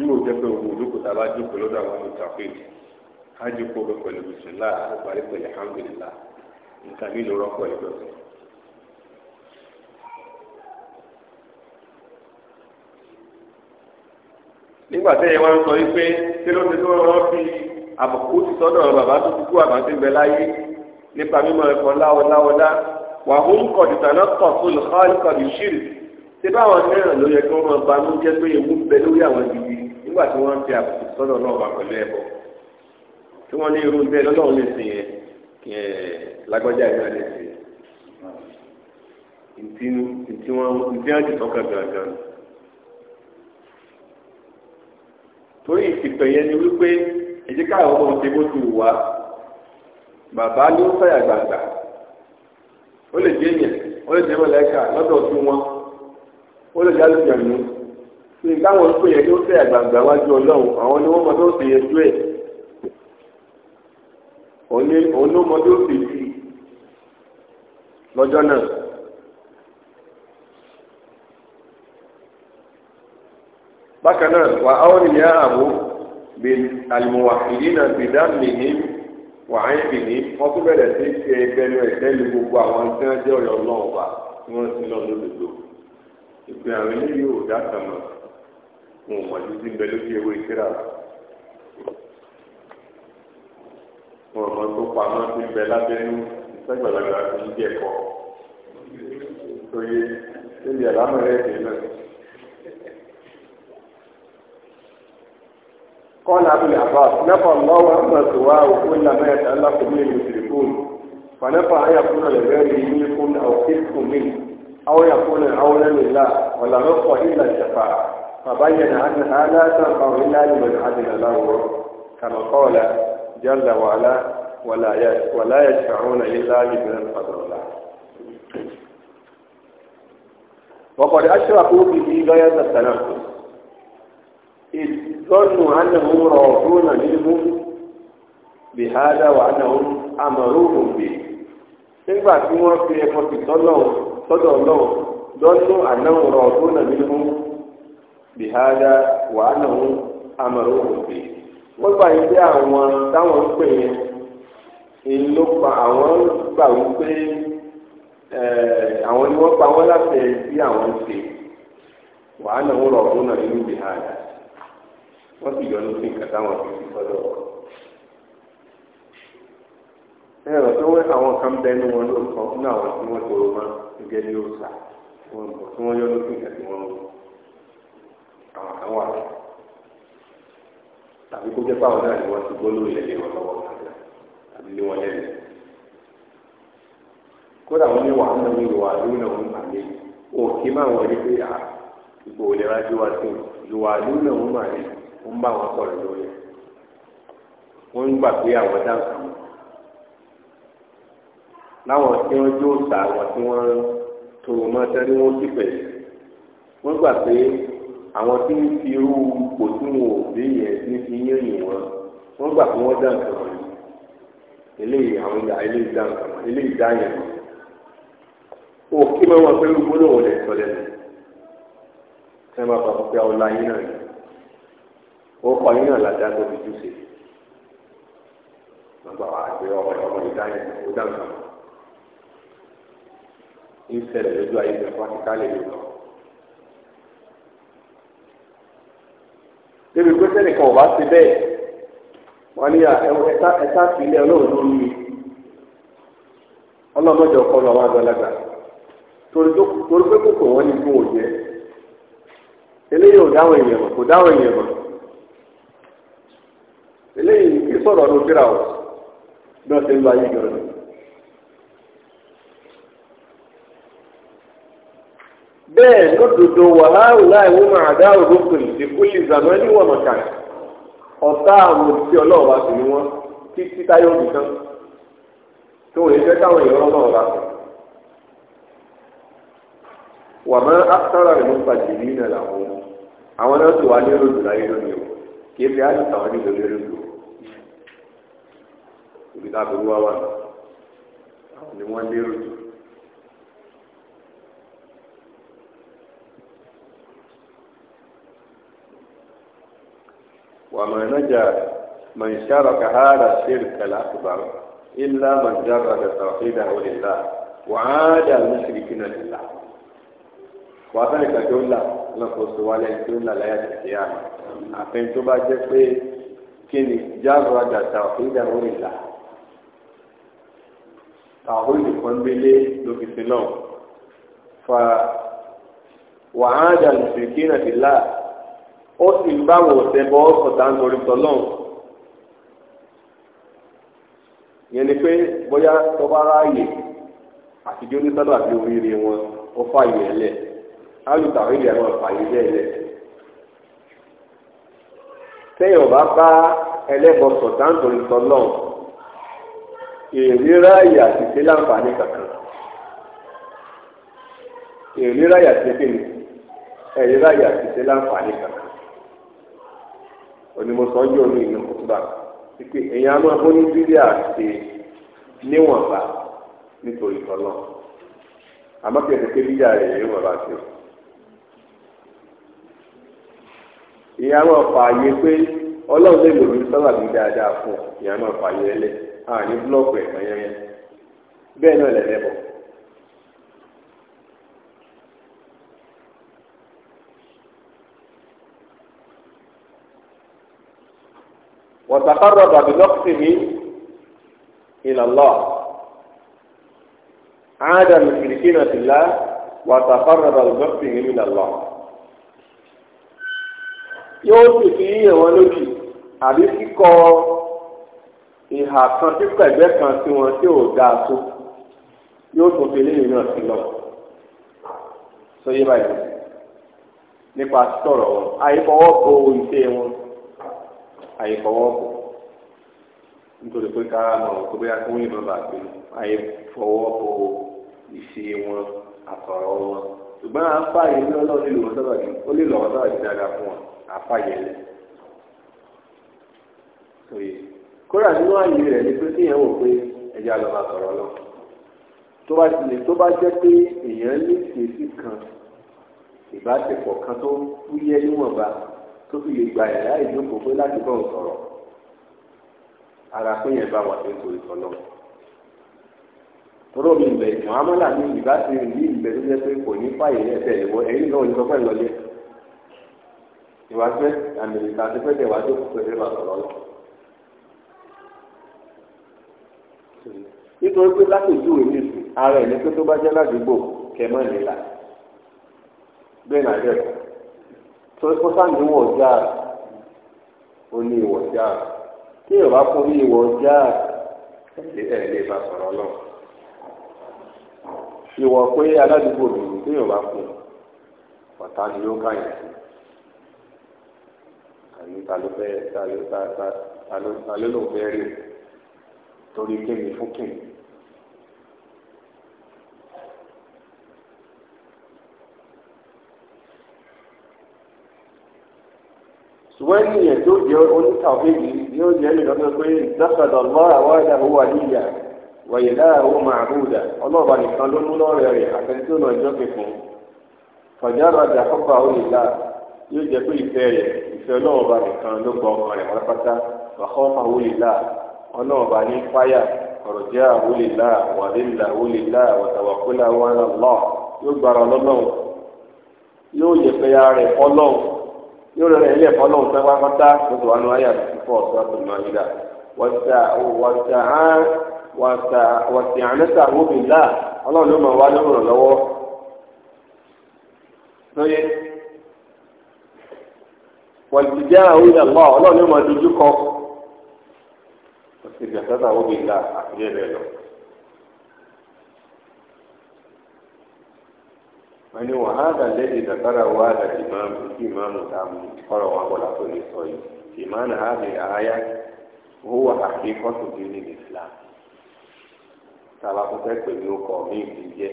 nígbà tó pé òun òdòkó tá a bá jókòó lọ́dọ̀ àwọn olùtàfíì á jókòó bẹ pẹ̀lú bisimilá àgbáyé pẹ̀lú alhamdulilá nǹkan mi ló rọ́pò ẹ̀ lọ́sẹ̀. nígbà tẹ́yẹ wá ń sọ yìí pé ṣé ló ti tó rọ́ fi àbùkù ti sọ́dọ̀ bàbá tó ti kú àbáńtí bẹ láyé nípa mímọ ẹ̀kọ́ láwọláwọlá wà ó ń kọ̀ dìtànà kọ̀ fún lùkọ́ ìkọ̀ ìṣirì ṣé báwọn náà ló yẹ kí wọ́n máa banú jẹ́ pé ewu bẹ lórí àwọn ìdílé nígbà tí wọ́n ń fi àbùkù sọ́dọ̀ náà wà pẹ̀lú ẹbọ tí wọ́n ní irú bẹ́ẹ̀ lọ́lọ́run lè sìn yẹn kí ẹ lágbájá ìgbà lè sìn ntí ntí wọ́n ntí wọ́n ti tọ́ka gangan torí ìsìnkú yẹn ni wípé èyí káwọn ọmọ ti bó ti wà bàbá ló ń gbàgbà ó lè jẹ ènìyàn ó lè jẹ mọlẹka lọ́dọ̀ tí wọn ó lè jẹ àlùjànnú pé káwọn ń pè yẹn tó tẹ àgbààgbà wájú ọlọ́run àwọn ni wọ́n mọ tó sì yẹn tó ẹ̀ òun ló mọ tó sì yìí lọ́jọ́ náà. bákan náà wà áwọn ìyá àbò bíi àlùmọ̀wàkìlínà bìdámìnì wà áyìnbìnì wọ́n tún bẹ̀rẹ̀ sí ṣe ẹgbẹ́nu ẹ̀dẹ́lu gbogbo àwọn tí wọ́n jẹ́ ọ̀yọ́ náà wà tí wọ́n ti lọ lódodo ìpè àwọn eléyìí ò dá kan mọ́ wọn mọ̀ títí ń bẹ lójú ewé ìṣẹ́ra wọn mọ̀ tó pamọ́ sí ń bẹ lábẹ́nú ìṣẹ́gbàlagbà tó ń jẹ́ kọ́ tó yé lórí àlámọ̀rẹ́ èdè náà. قال أبو العباس نفى الله عما سواه كل ما يتعلق به المشركون فنفى أن يكون لغيره ملك أو كسب منه أو يكون عونا لله ولا نفى إلا الشفاعة فبين أنها لا تنفع إلا لمن عدل له كما قال جل وعلا ولا ولا يشفعون إلا لمن قدر له وقد أشركوا به غاية التنفس إذ ظنوا أنهم راضون منهم بهذا وأنهم أمروهم به nígbà tí wọ́n fi ẹ̀kọ́ sí sọ́dọ̀ ọlọ́run lọ́nà àná ọ̀rọ̀ ọ̀dún náà nínú bihada wa anahu amaru òbí wọ́n anyị àwọn táwọn ń pè yẹn ìlú àwọn gbà wípé àwọn ni wọ́n pa wọ́n láti àwọn ń wa anahu rọ̀bùn náà nínú bihada wọ́n sì yọnu sí nǹkan wọ́n mọ́ gẹ́gẹ́ tí àwọn kan wà tàbí kó jẹ́ pàwọn náà ni wọ́n ti gbóló ilẹ̀ lé wọn lọ́wọ́ àbí lé wọn lẹ́nu kódà wọn ní wàhálà ní ìwà lónà òun àlè òkè máa wọ ní pé ipò òlera tí wàá tó ìwà lónà òun àlè ń bá wọn sọ̀rọ̀ lórí wọn ń gbà pé àwọn dáǹkà wọn láwọn tí wọn yóò ta àwọn tí wọn tó mọ sẹ́ni wọn sì pẹ̀lú wọn gbà pé àwọn tí ń fi irú ipò tí wọn ò dé yẹn ní fi yín wọn wọn gbà pé wọn dá nǹkan wọn eléyìí àwọn ìyá eléyìí dá nǹkan wọn eléyìí dá yẹn wọn ò kí wọn wọn pé gbogbo náà wọn lè sọ lẹ́nu ẹ máa bá pípẹ́ ọlá yín náà yìí ó kọ yín náà ládàá tó fi jù sí nígbà wà á gbé ọmọ ọmọ ìdáyẹn ó dáhùn náà ń ṣẹlẹ̀ lójú ayé ìgbà pátákálẹ̀ yìí lọ. débi pé sẹ́nìkan ò bá ti bẹ́ẹ̀ wọ́n ní ẹ̀ta sílẹ̀ ọlọ́run ló ní ọlọ́mọdé ọkọ lọ wá gbalaga torí pé kòkò wọn ni fún òjẹ́ eléyìí ò dáwọn èèyàn mọ̀ kò dáwọn èèyàn mọ̀ eléyìí kì í sọ̀rọ̀ ọdún síra ọ̀ bí wọ́n ti ń lo ayé ìjọba bẹ́ẹ̀ lódodo wàhálà láìwọ́n máa dá òrókùn ìdíkúlì zamani wà màkà ọ̀tá àwọn òṣìṣẹ́ ọlọ́run wa sì ni wọ́n títí táyọ̀ nìkan tó wọ́n yẹ fẹ́ káwọn èèyàn ọlọ́run wa sọ. wà má ákàrà rẹ̀ ló ń pàdé ní ìnà làwọn àwọn náà tó wà ní ròdù láyé lónìí o kì í fi àyè tàwọn a fi وما نجا من شارك هذا الشرك الأكبر إلا من جرد توحيده لله وعاد المشركين لله وذلك جملة نقص ولا جملة لا القيامة عشان تبقى جفي كني جرد توحيده لله توحيد قنبلي لوكسلون ف وعاد المشركين بالله ó sì ń báwò ọ̀sẹ̀ bọ́ ọ̀sọ̀tà ń torí tọ́lọ́hùn yẹn ni pé bóyá tọ́ba ráàyè àtijọ́ onítọ́lọ́ àti oríire wọn ó fààyè ẹ̀lẹ̀ áyùtà oríire àwọn fààyè ẹ̀lẹ̀ sẹ́yìn ọ̀bá bá ẹlẹ́bọ̀ sọ̀tà ń torí tọ́lọ́hùn ìrírí ráàyè àti ṣe láǹfààní kankan ìrírí ráàyè àti ṣe kéde ẹ̀rí ráàyè àti ṣe láǹfààní kankan onímọ̀sánjọ́ ní ìlú kùtùbà pípé èèyàn máa bọ́ ní bíríà ṣe níwọ̀nba nítorí tọ́lọ́ àmọ́ kí ẹ̀sìn kébíyà rẹ̀ níwọ̀nba ṣe. èèyàn máa fààyè pé ọlọ́run lè lòdì sábà bí dáadáa fún èèyàn máa fààyè ẹlẹ́ àní búlọ́ọ̀kù ẹ̀kan yẹn bẹ́ẹ̀ náà lẹ́lẹ́bọ̀ọ́. وتقرب بنقصه إلى الله عاد المشركين في الله وتقرب بنقصه من الله yóò sì fi yíyan wọn lójú àbí kíkọ ìhà kan tí pẹ̀gbẹ́ kan sí wọn tí ò dáa tó yóò tún fi léyìn náà sí lọ sọ yé báyìí nípa sọ̀rọ̀ wọn àyífọwọ́ bo ìṣe wọn àìfọwọ́bù nítorí pé ká mọ̀ ọ́ pé kó yìí máa bà pé àìfọwọ́bù ìṣe wọn àtọ̀rọ̀ wọn ṣùgbọ́n àǹfààní ní ọlọ́run lè lọ́wọ́ sábàdì ó lè lọ́wọ́ sábàdì dáadáa fún wọn àǹfààní ẹlẹ́ sóye kóra nínú ààyè rẹ̀ ni pé kéèyàn wò pé ẹ̀yà lọ́ máa lọ tó bá tilẹ̀ tó bá jẹ́ pé èèyàn ní ìṣesí kan ìbáṣepọ̀ kan tó fúyẹ́ níwọ̀nba tó fi lè gba yàrá ìjókòó pé láti bọ̀ sọ̀rọ̀ ara pé yẹn bá wà tó ètò ìtọ́lọ́ tọ́lọ́ mi bẹ̀ mọ́hámọ́lá mi ìbá ti rìn ní ìbẹ̀ tó jẹ́ pé kò ní fàyè ẹ̀fẹ̀ ìwọ ẹ̀yìn náà ní sọ́kọ́ ìlọlé ìwàfẹ́ àmì ìtàsífẹ́ tẹ̀ wá tó kù pẹ̀lú ìwà sọ̀rọ̀ lọ. nítorí pé látòjú òní ara ẹ̀ ní pé tó bá jẹ́ ládùúgbò kẹ́mọ́ nílà bẹ́ẹ̀ náà dẹ́kun torí kó sáǹdì wọ̀ já ó ní ìwọ̀ já tí èrò bá fún ní ìwọ̀ já ẹ̀ lè bá sọ̀rọ̀ náà ìwọ̀ pé aládùúgbò mi tí èrò bá fún ọ̀tá ni yóò káyà sí àní ta ló fẹ́ ta ló ta ló ta ló lò fẹ́ rè torí kí fún kí ṣùgbọ́n ènìyàn tó jẹ́ onítàwéjì yóò jẹ́ nìkan pé dáfàdà lọ́rà wáyà owó àdìyà wàyè láàrú màbúdà ọlọ́ọ̀bà nìkan ló mú lọ́rẹ̀ rẹ̀ àtẹnudó náà jọ́ kẹfún fàjára dàkọ́bà olùlà yóò jẹ́ pé ìfẹ́ rẹ̀ ìfẹ́ ọlọ́ọ̀bà nìkan ló gbọ́ ọkàn rẹ̀ pátápátá wàhọ́fà olùlà ọlọ́ọ̀bà ní yóò rẹ ilé ẹ̀kọ́ náà sẹ pátápátá lóṣù wa ní wáyé àti fọ ọsọ tó máa yí dà wàtà wàtà án wàtà wàtà Ọlọ́run máa wá lọ́wọ́ lóye àwọn Ọlọ́run máa dojú wọ́n ní wọ́n á dà lẹ́bi dàkárà wà dà ìmáàmù sí ìmáàmù tààmù ọ̀rọ̀ wọn kọ́ làkó ní sọ yìí ìmáàmù á lè àáyá owó àkàkí kọ́tù bí ní Islam tàbá tó fẹ́ pè ní ọkọ̀ mí ìdí jẹ́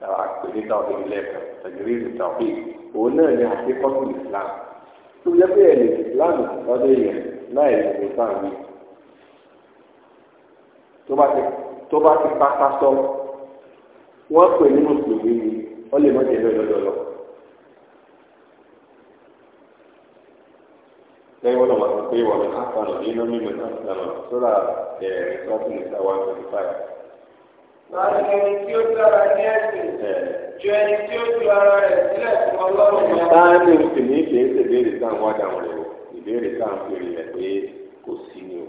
tàbá pè ní tàwọn ìdílé lẹ́ẹ̀kan tàbí ìlú tàbí òun náà ní àkàkí kọ́tù Islam tó yẹ pé ẹ̀lẹ́ Islam lọ́dọ̀ yẹn láì lè ní báyìí tó bá ti pátá sọ wọ́n pè ní mùsùlùmí ó lè mọ̀jẹ̀ lọ́dọ̀ lọ. lẹ́yìn wọn náà wà sọ pé wọ́n á fara ní lómi mi náà lọ́nà sóra ẹ̀ sọ́ọ̀tún ìta one twenty five.
máa ní ẹni tí ó dára ní ẹ̀sìn ju ẹni tí ó ju ara rẹ̀ sílẹ̀ fún ọlọ́run náà. táàmì
ìpìlẹ̀ ìpè ń ṣèbéèrè sáà wá dáhùn rẹ̀ o ìbéèrè sáà ń pèrè rẹ̀ pé kò sí ni o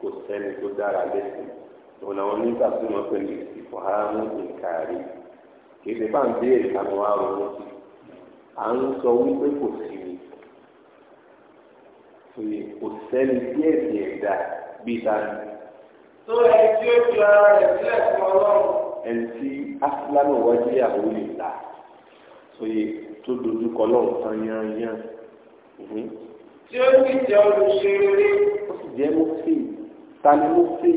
kò sẹ́ni tó dára lẹ́sìn òun làwọn onígbà tó mọ̀ ìfọ̀hámù ìkàrí kéde bá ń béèrè àwọn arúgbó sí à ń sọ wípé kò sí ni pé kò sẹ́ni tí ẹ̀sìn ẹ̀dá bí ta ni.
tó ẹni tí ó fi ara rẹ̀ sílẹ̀ fún ọlọ́run.
ẹni tí asilamu wájú ìyàwó lè ta sóye tó dojú kọ lọ́run tán yányán.
tí ó sì jẹ́ olùṣe rere.
ó sì jẹ́ mọ́sí ta ni mọ́sí.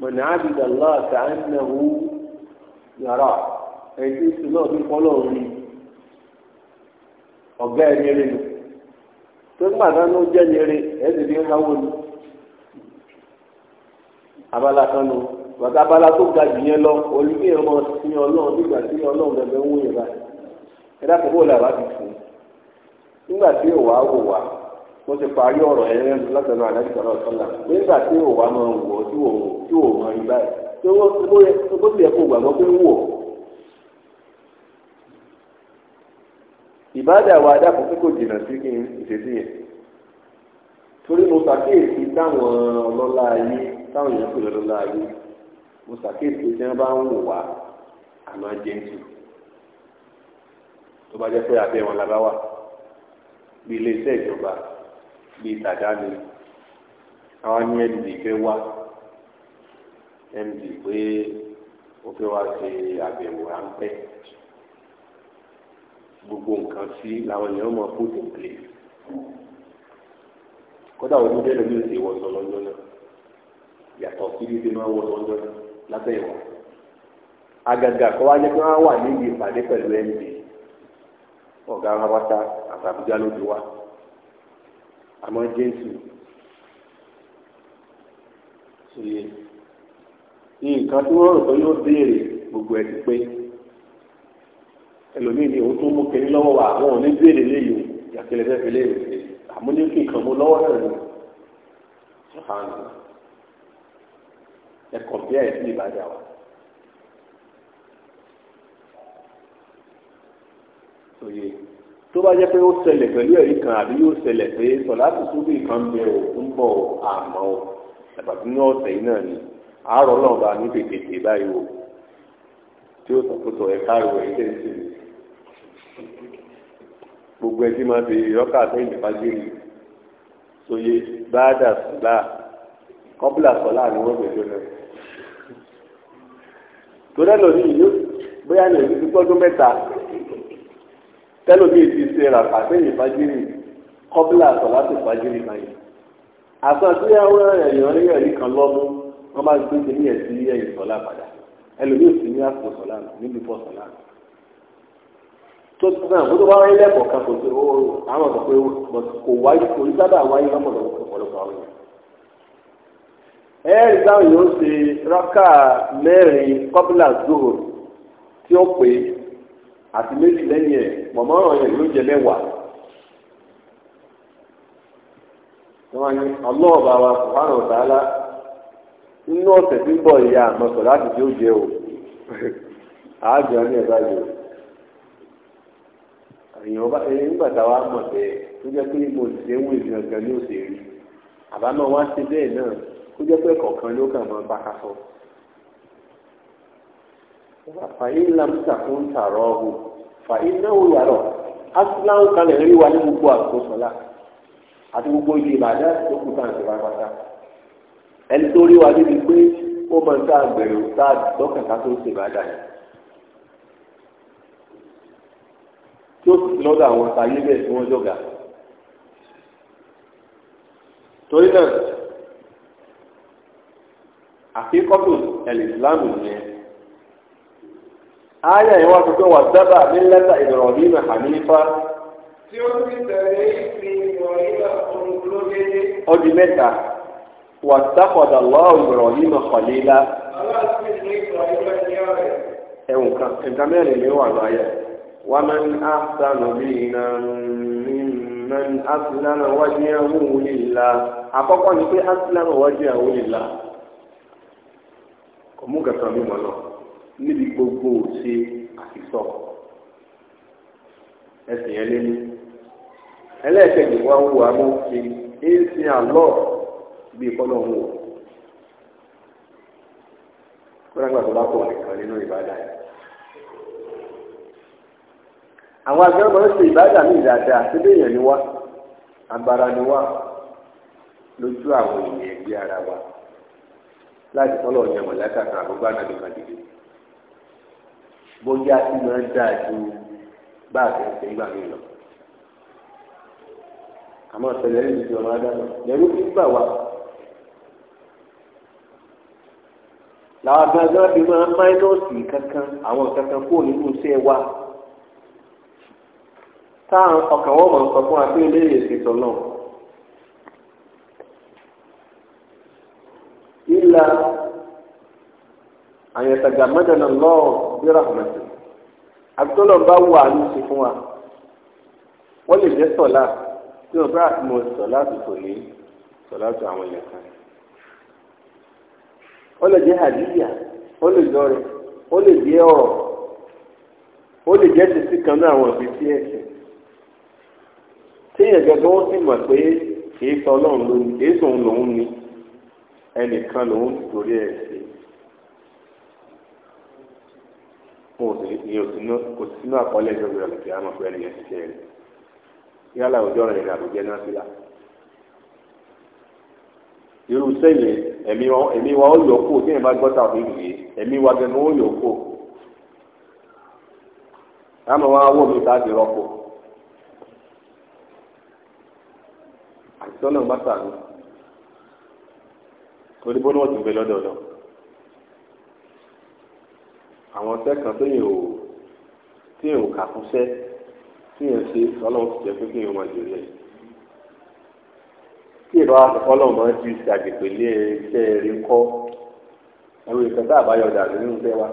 mọ̀nà àbìdàlá àtàánà wù yàrá ẹ̀sìn ìsìn náà bí kọ́ lọ́ọ̀ rí ọ̀gá ẹni eré ni tó ń gbàgbá ló jẹ́ ni eré ẹ̀sìn bí ń náwó ni abala kan nù bàtà abala tó ga jù yẹn lọ olùkí ọmọ sí ọlọ́run nígbà tí ọlọ́run bẹ̀bẹ̀ ń wú yẹn báyìí ẹ dákun bó làbá ti fún nígbà tí ò wá wò wá mo ti parí ọ̀rọ̀ yẹn lẹ́nu látọ̀nà àdájọ́ náà nígbà tí ò máa wò ó tí ò tó tó ti yẹ kó gbàgbọ́ pé ń wò ìbádà wa dàpọ̀ pé kò jìnnà sí kí n ìṣesí yẹn torí mo ṣàkíyèsí táwọn ọlọ́lá ayé táwọn èèyàn pè lọ́lá ayé mo ṣàkíyèsí tí wọ́n bá ń wò wá àmọ́ jẹ́ ń tù tó bá jẹ́ pé abẹ́ wọn la bá wà bí ilé iṣẹ́ ìjọba bí ìtajà ni àwọn ní ẹni lè fẹ́ wá md pé ó fẹ́ wá ṣe àbẹ̀wò ráńpẹ́ gbogbo nǹkan sí làwọn èèyàn mọ̀ put in place kódà ojú jẹ́ lómi ìṣe wọ́sọ lọ́jọ́ náà yàtọ̀ sí bí ṣe máa wọ́sọ lọ́jọ́ náà lábẹ́ ìwà àgàgà kọ́ wájú pé wọ́n wà níbi ìpàdé pẹ̀lú md ọ̀gá arábátá àtàbújá ló ti wá àmọ́ jésù ṣe nǹkan tí wọ́n rò pé yóò béèrè gbogbo ẹ̀ pé ẹlòmíì ni òun tún mú kiri lọ́wọ́ wa àwọn ò ní béèrè léyìí ìyàkẹ́lẹ́ fẹ́ fi léèrè àmúlékè kan mú lọ́wọ́ rẹ̀ lọ sọ̀hánù ẹ̀kọ́ bí ẹ̀ sí ìbàdàn wa. òye tó bá jẹ́ pé ó ṣẹlẹ̀ pẹ̀lú ẹ̀rí kan àbí yóò ṣẹlẹ̀ pé sọ̀lá tuntun bíi kan bẹ ń bọ̀ àmọ́ ẹ̀bà ni àárọ̀ náà bá ní tètè báyìí wò tí ó sọ pọ̀tọ̀ ẹ̀ka ìwé ẹ̀jẹ̀ sí i gbogbo ẹtí máa fi rọ́kà sẹ́yìn fagiri sóye báàdà sọ́lá kọ́bùlà sọ́lá ni wọ́n gbẹ̀jọ́ náà tòlẹ́ lòdì yìí bóyá ní ìlú gbọ́dún mẹ́ta tẹ́lómi ti ṣe ràpà sẹ́yìn fagiri kọ́bùlà sọ́lá tó fagiri báyìí àtúntò àwọn èèyàn rí ẹ̀rí kan lọ́mú wọ́n bá gbé kí ní ẹ̀sìn ẹ̀yìn sọ̀lá padà ẹlòmíì sì ní àpò sọ̀lá níbi fọ́ sọ̀lá tó ti náà mo tó bá wáyé lẹ́kọ̀ọ́ kan kò sí ó àwọn ọ̀dọ̀ pé kò wáyé kò ní sábà wáyé lọ́pọ̀lọpọ̀ ọ̀pọ̀lọpọ̀ àwọn èèyàn ẹ̀ẹ́rì táwọn èèyàn ṣe rákà mẹ́rin kọ́bílà zoho tí ó pé àti méjì lẹ́yìn ẹ̀ mọ̀mọ́ràn yẹn ló jẹ mẹ́wàá wọ́n á ní ọlọ́ọ̀bá wa kò hàn ọ̀tá nínú ọ̀sẹ̀ tí ń bọ̀ ìyá àmọ́sọ̀ láti tí ó jẹ́ o [laughs] àájọ ní ẹ̀bá yìí èèyàn bá ẹni nígbà táwa mọ̀ tẹ́ tó jẹ́ pé mo sì ṣe ń wé ìrìn ọ̀gá ní òsè rí àbámọ̀ wá sí bẹ́ẹ̀ náà tó jẹ́ pé kọ̀ọ̀kan ló kàn mọ́ bá ká sọ. fàyè lamúta fún tààrọ̀ ọ̀hún fàyè náà ó yàrá asúláhùn kalẹ̀ rí wa ní gbogbo àkóso la àti gbogbo ìdìbò àdá tó kù tá à ń ṣe bá ẹni tó rí wa níbi pé ó máa ń tá àgbèrò tá àdọ́kàtà tó ń ṣe bá dàní tí ó sì lọ́dọ̀ àwọn tayé bẹ́ẹ̀ tí wọ́n jọ̀gà torí náà àfikọ́tò ẹ̀lìsìlámù yẹn
ayé yẹn wá wà dábàá ní lẹ́tà ìrọ̀lẹ́
ìmọ̀ àmìlífà.
tí ó sì tẹ̀lé ìpín ìwọ̀nyí náà fún un lóde. ọdún mẹ́ta.
wàtàkọ̀dà lọ́wọ́ Ibrahim khalila.
ẹ̀wùn kan nǹkan mẹ́rin ní wà láyé
wa man ahsanu dinan mimman aslama gàtà mi mọ̀ níbi gbogbo àfisọ yẹn bí kọ́lọ̀ ń wò kọ́lágbà tó bá kọ̀ nìkan nínú ìbádà yìí. àwọn àgbẹ̀ ń ṣe ìbádà ní ìdáadáa síbí èèyàn ni wá agbára ni wá lójú àwọn èèyàn ẹgbẹ́ ara wa láti kọ́lọ̀ ní àwọn náà ló máa dìde bóyá tí máa ń làwọn gangan fi máa máínọ́ọ̀sì kankan àwọn kankan kó nínú iṣẹ́ wa táwọn ọkàn wọn máa ń sọ fún wa pé eléyìí ṣètò náà. إلا أن يتجمدنا الله برحمته àtọ́lọ̀ bá wà ní ṣe fún wa wọ́n lè jẹ́ sọ̀lá tí wọ́n bá mọ̀ sọ̀lá tó tò sọ̀lá tó àwọn èèyàn kan. ó lè jẹ́ hadiya ó lè lọ́rẹ̀ ó lè jẹ́ ọ̀rọ̀ ó lè jẹ́ títí kan náà àwọn ìbí sí ẹ̀sìn téèyàn gẹ́gẹ́ wọ́n sì mọ̀ pé sọ ọlọ́run lòun ni ẹnìkan lòun torí ẹ̀ sí ní àkọọ́lẹ̀ ìjọba ìrọ̀lẹ́ kí á mọ̀ pé ẹnìyẹn ti ṣe yálà òjò náà irú sẹ́yìn ẹ̀mí wa ó yọ kó tí èèyàn bá gbọ́ tàbí ìwé ẹ̀mí wa gẹ́gẹ́ ó yọ kó àmọ́ wọn awọ́ mi ká di rọ́pò àìsàn náà bá sàánú torí bó ni wọ́n ti gbé lọ́dọọdọ àwọn sẹ́kàn tó yẹ ò tí yẹ ò kà fún sẹ́ tí ṣe ọlọ́run ti jẹ́ pé kí yẹ ò máa jèrè ẹ̀ tí ìbá wa kọ́kọ́ lọ́wọ́ máa ń ti ṣàgbègbè lé iṣẹ́ eré kọ́ ẹ̀rọ ìkẹta àbáyọ̀dà nínú iṣẹ́ wa.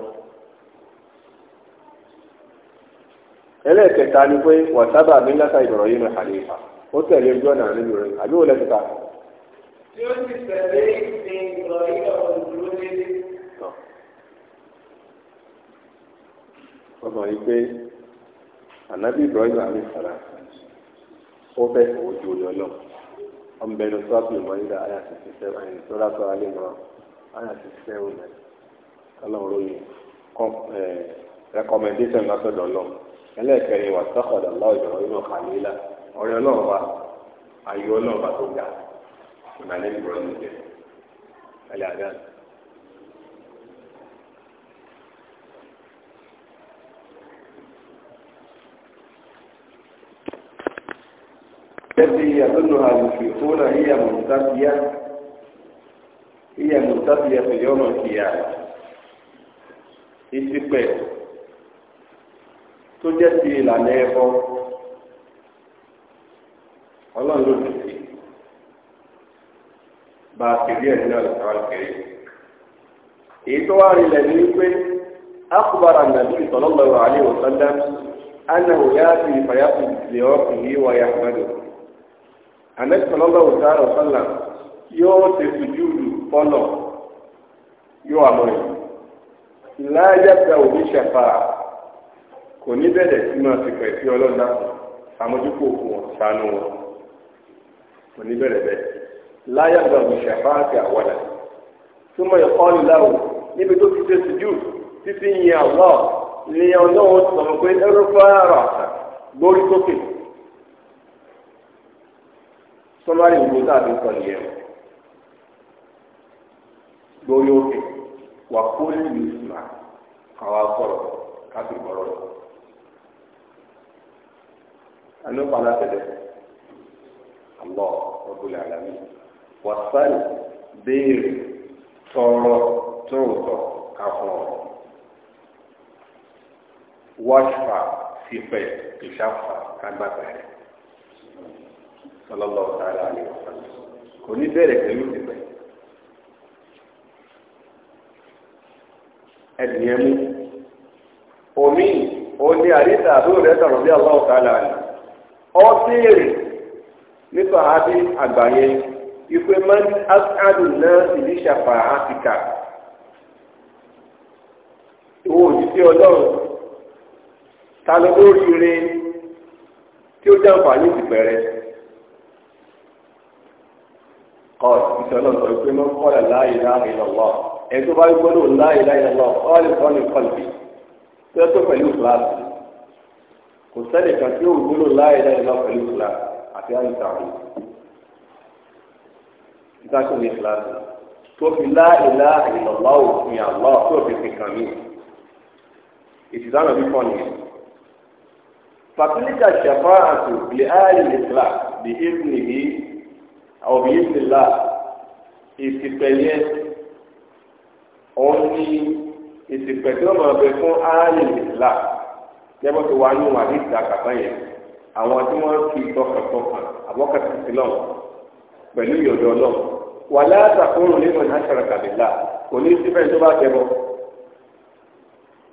ẹlẹ́ẹ̀kẹta ni pé wàtábà mi látà ìbọ̀rọ̀ yìí náà kàlẹ́ ìfà ó tẹ̀lé ojú ọ̀nà nínú rẹ̀ àbí wò lẹ́sìkà.
tí ó sì tẹ̀lé ìsìn ìbọ̀rọ̀ yìí náà dúró délé.
ọmọ yìí pé ànábì ìbọ̀rọ̀ yìí náà mi sàrà ó fẹ́ ọmọbẹ lọ sọ́ọ̀tù ìmọ̀lẹ́dà àyà sixty seven ẹ̀yìn tó látọ̀ alẹ́ mọ́ àyà sixty seven ẹ̀ ọlọ́run lóye recommendation látọ̀dọ̀ lọ ẹlẹ́ẹ̀kẹrin wà sọ́kọ̀dọ̀ lọ́ọ̀ ìdọ̀rọ̀ inú kàlílà ọ̀rẹ́ ọlọ́run bá ayé ọlọ́run bá tó ga ìmọ̀lẹ́ ìbọ̀rọ̀ nìjẹ́ ẹlẹ́ àdáni. التي يظنها المشركون هي مرتدية هي مرتدية في يوم القيامة ìṣìpẹ̀ tó jẹ́ ti ìlànà ẹbọ Ọlọ́run ló ti fi bá a kiri ẹ nínú àlùfáà kiri èyí tó wá rinlẹ̀ ní wípé akubara nàbí ìtọ́lọ́lọ́wọ́ àlẹ́ òsán dá ánà òyà àti ìfàyàfù lè ọkùnrin wáyà mẹ́rin. anẹ́sọ̀lọ́gbà òtárọ̀ sọ́là yóò ṣe sùjúùdù fọ́nà yóò àmọ́ ìlàyàtà òbí kò ní bẹ̀rẹ̀ sí máa fi pẹ̀ sí ọlọ́dà fún wọn wọn kò ní bẹ̀rẹ̀ bẹ́ẹ̀ láyàtà òbí ṣàfà àti àwọ̀dà súnmọ́ láwù níbi tó ti ṣe títí ni pé ẹrú sókè. sọmárì gbogbo tàbí sọlì yẹn lórí òkè wà kó lè ní ìsìnà káwá sọ̀rọ̀ káfí bọrọ lọ àná padà tẹlẹ àlọ ọdún àlàmì wà sáré béèrè tọrọ tóòtọ káfọ wáṣfà fífẹ ìṣàfà kágbàgbà rẹ sọlọ́lọ́ ọ̀tàrà àlè kò ní bẹ̀rẹ̀ pẹ̀lú ìpẹ́ ẹ̀dìyẹ mú omi òní àríta àbúrò rẹ̀ sọ̀rọ̀ bí ọlọ́ ọ̀tàrà àlè ọ́ tèèrè nípa àbí àgbáyé ìpè man as'adu náà sì ní ṣàfà áfíríkà ìwọ òjijì ọlọ́run ta ló lórí ire tí ó jàǹfààní ti bẹ̀rẹ̀ kọ́ ìṣọ̀lọ́ sọ pé mọ́ kọ́ láàyè láàyè lọ́wọ́ ẹni tó bá gbọ́dọ̀ láàyè láàyè lọ́wọ́ ọ́ lè kọ́ ní kọ́lbì tí ó tó pẹ̀lú kíláàsì kò sẹ́lẹ̀ kan tí ó gbọ́dọ̀ láàyè láàyè lọ́wọ́ pẹ̀lú kíláàsì àti àyùtàwí ìtàkùn ní kíláàsì tó fi láàyè láàyè lọ́wọ́ òfin àlọ́ tó fi fi mí ìtìsánà bí kọ́ni fàtílíkà ṣàfáà àtò lè áàyè lè kíláàsì lè é àwọn bíi ìsìlá ìsìpẹ̀yẹ òun ni ìsìpẹ̀ tí wọ́n máa bẹ fún ááyè ìsìlá jẹ́bọ́ tó wá ní wọn àti ìsìlá kàkà yẹn àwọn tí wọ́n fi tọkàntọkàn àbọ̀kàtà sílọ̀ pẹ̀lú ìyọ̀dọ̀ náà wà látàkùnrin nínú ìhásàrà kàbílà kò ní síbẹ̀ tó bá jẹ́bọ́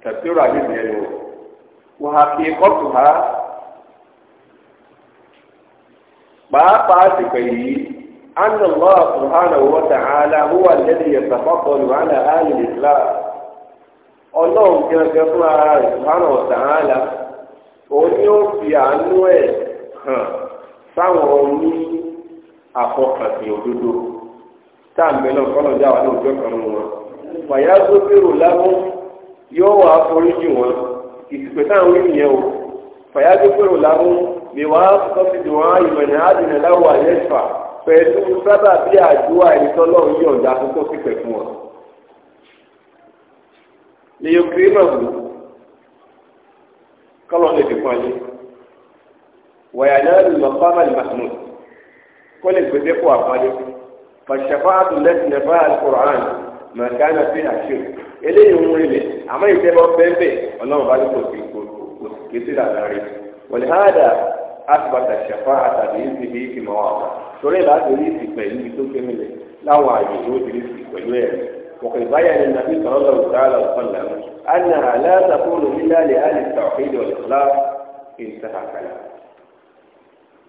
tẹ̀síwò àdìsí ẹni wò wọ́n á fi kọ́tù ha pàápàá àsìkò yìí أن الله سبحانه وتعالى هو الذي يتفضل على أهل الإسلام ọlọ́run gẹ́gẹ́ fún ara rẹ̀ subhanahu wa ta'ala òun ha ó fi ha ẹ̀ hàn sáwọn oní àfọkànsí òdodo tá à ń bẹ náà kọ́nà já wà ní òjò kan mú wọn. wàyà tó bèrò lábọ́n yóò wà foríjì wọn ìsìnkú táwọn wí o wàyà tó bèrò lábọ́n ha wàá sọ́sìdì wọn ìmọ̀ pẹ̀lú sábà bí àdúrà ẹni tọ́lọ́run yọ̀ǹda fún tó pípẹ́ fún ọ. lèyìn kiri náà wù lè fi fún ẹni wàyà náà lè lọ fáwọn àlùmọ̀tò kó lè gbèsè kó àpáyé fàṣẹfà àtúndẹ́sìn ẹ̀fọ́ àlùkùrán màkàna fi àṣẹ eléyìí ń wọlé lè àmọ́ bẹ́ẹ̀ bẹ́ẹ̀ ọlọ́run asibata ṣẹfà àtàdé ìsì bí ìsì mọ àwọn torí láti rí ìsì pẹ̀lú ibi tó ké nílẹ̀ láwọn àyè tó ti rí ìsì pẹ̀lú ẹ mọ̀kẹ́ báyà ni nàbí sọ̀rọ̀ lọ́wọ́ sọ̀rọ̀ أن لا تكون إلا لأهل التوحيد والإخلاص انتهى كلامه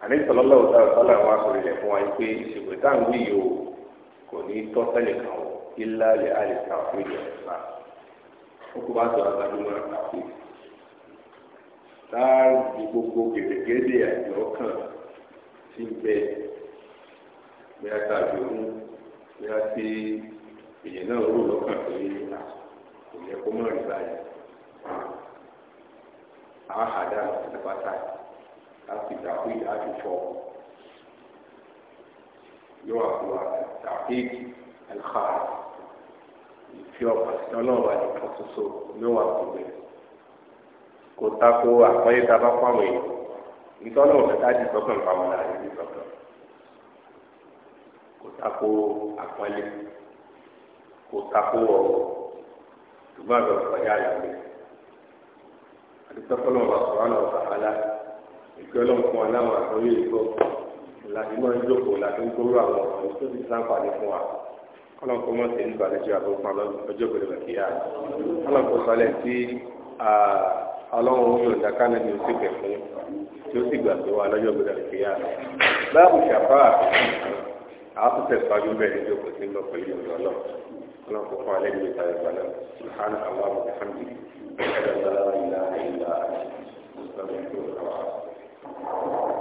àlejò ọlọ́wọ́ tá a sọ́lá wa sọ̀rọ̀ ilẹ̀ fún wa pé ìṣègùn tá à ń wí yìí o kò ní tọ́ sẹ́lẹ̀ kan o ilá lè àlè ta òfin ìjọba ó bá sọ̀rọ̀ àgbàdo mọ́ra ta táàbì gbogbo gèdègèdè àti ọkàn ti ń bẹ bí a ta àjòyún bí a ti èèyàn náà rò lọ́kàn pé kò yẹ kó mọ̀ rí báyìí àwọn àdá ìpàtà láti dàkú ìdájú fọ yóò àbúrò àtàkì àlùkà ìfi ọ̀pá sí ọlọ́ọ̀bà ní wàá kò bẹ̀rẹ̀ kò tako àpọ́yé tá a bá fáwọn èèyàn ìtọ́nà òkúta di sọ́kàn fáwọn náà ní sọ́kàn kò tako àpọ́lé kò tako ọ̀rọ̀ ṣùgbọ́n àgbẹ̀ ọ̀kọ̀yà àyàwó àdìsọ́kọ́lọ́ ọ̀rọ̀ sọ̀rọ̀ náà sàhálà ìgbẹ́ ọlọ́run fún wa láwọn àtọ́yé ìgbọ́ láti máa ń jókòó láti ń gbóró àwọn ọ̀rọ̀ tó ti sáǹfààní fún wa kọ́lọ́n kó mọ̀ sí ní balẹ̀ jẹ́ àbúrò fún wa lọ́jọ́ gbèrè bàkìyà kọ́lọ́n kó sọlẹ̀ sí ọlọ́run ó yọ̀ ọ̀dà kánà ni ó sì bẹ̀ fún tí ó sì gbà pé wà lọ́jọ́ gbọdọ̀ lè yá rẹ̀. báàbù ṣàfà àtúntẹ̀ ìpàdé bẹ̀rẹ̀ ní òkú sí lọ pẹ̀lú ìlú ọlọ́run ọlọ́run kò fún alẹ́ ní ìta ìgbà náà sùhánà àwọn àbùkù hàmì ẹ̀ẹ́dẹ̀gbẹ̀rẹ̀ ìlà ìlà ìlà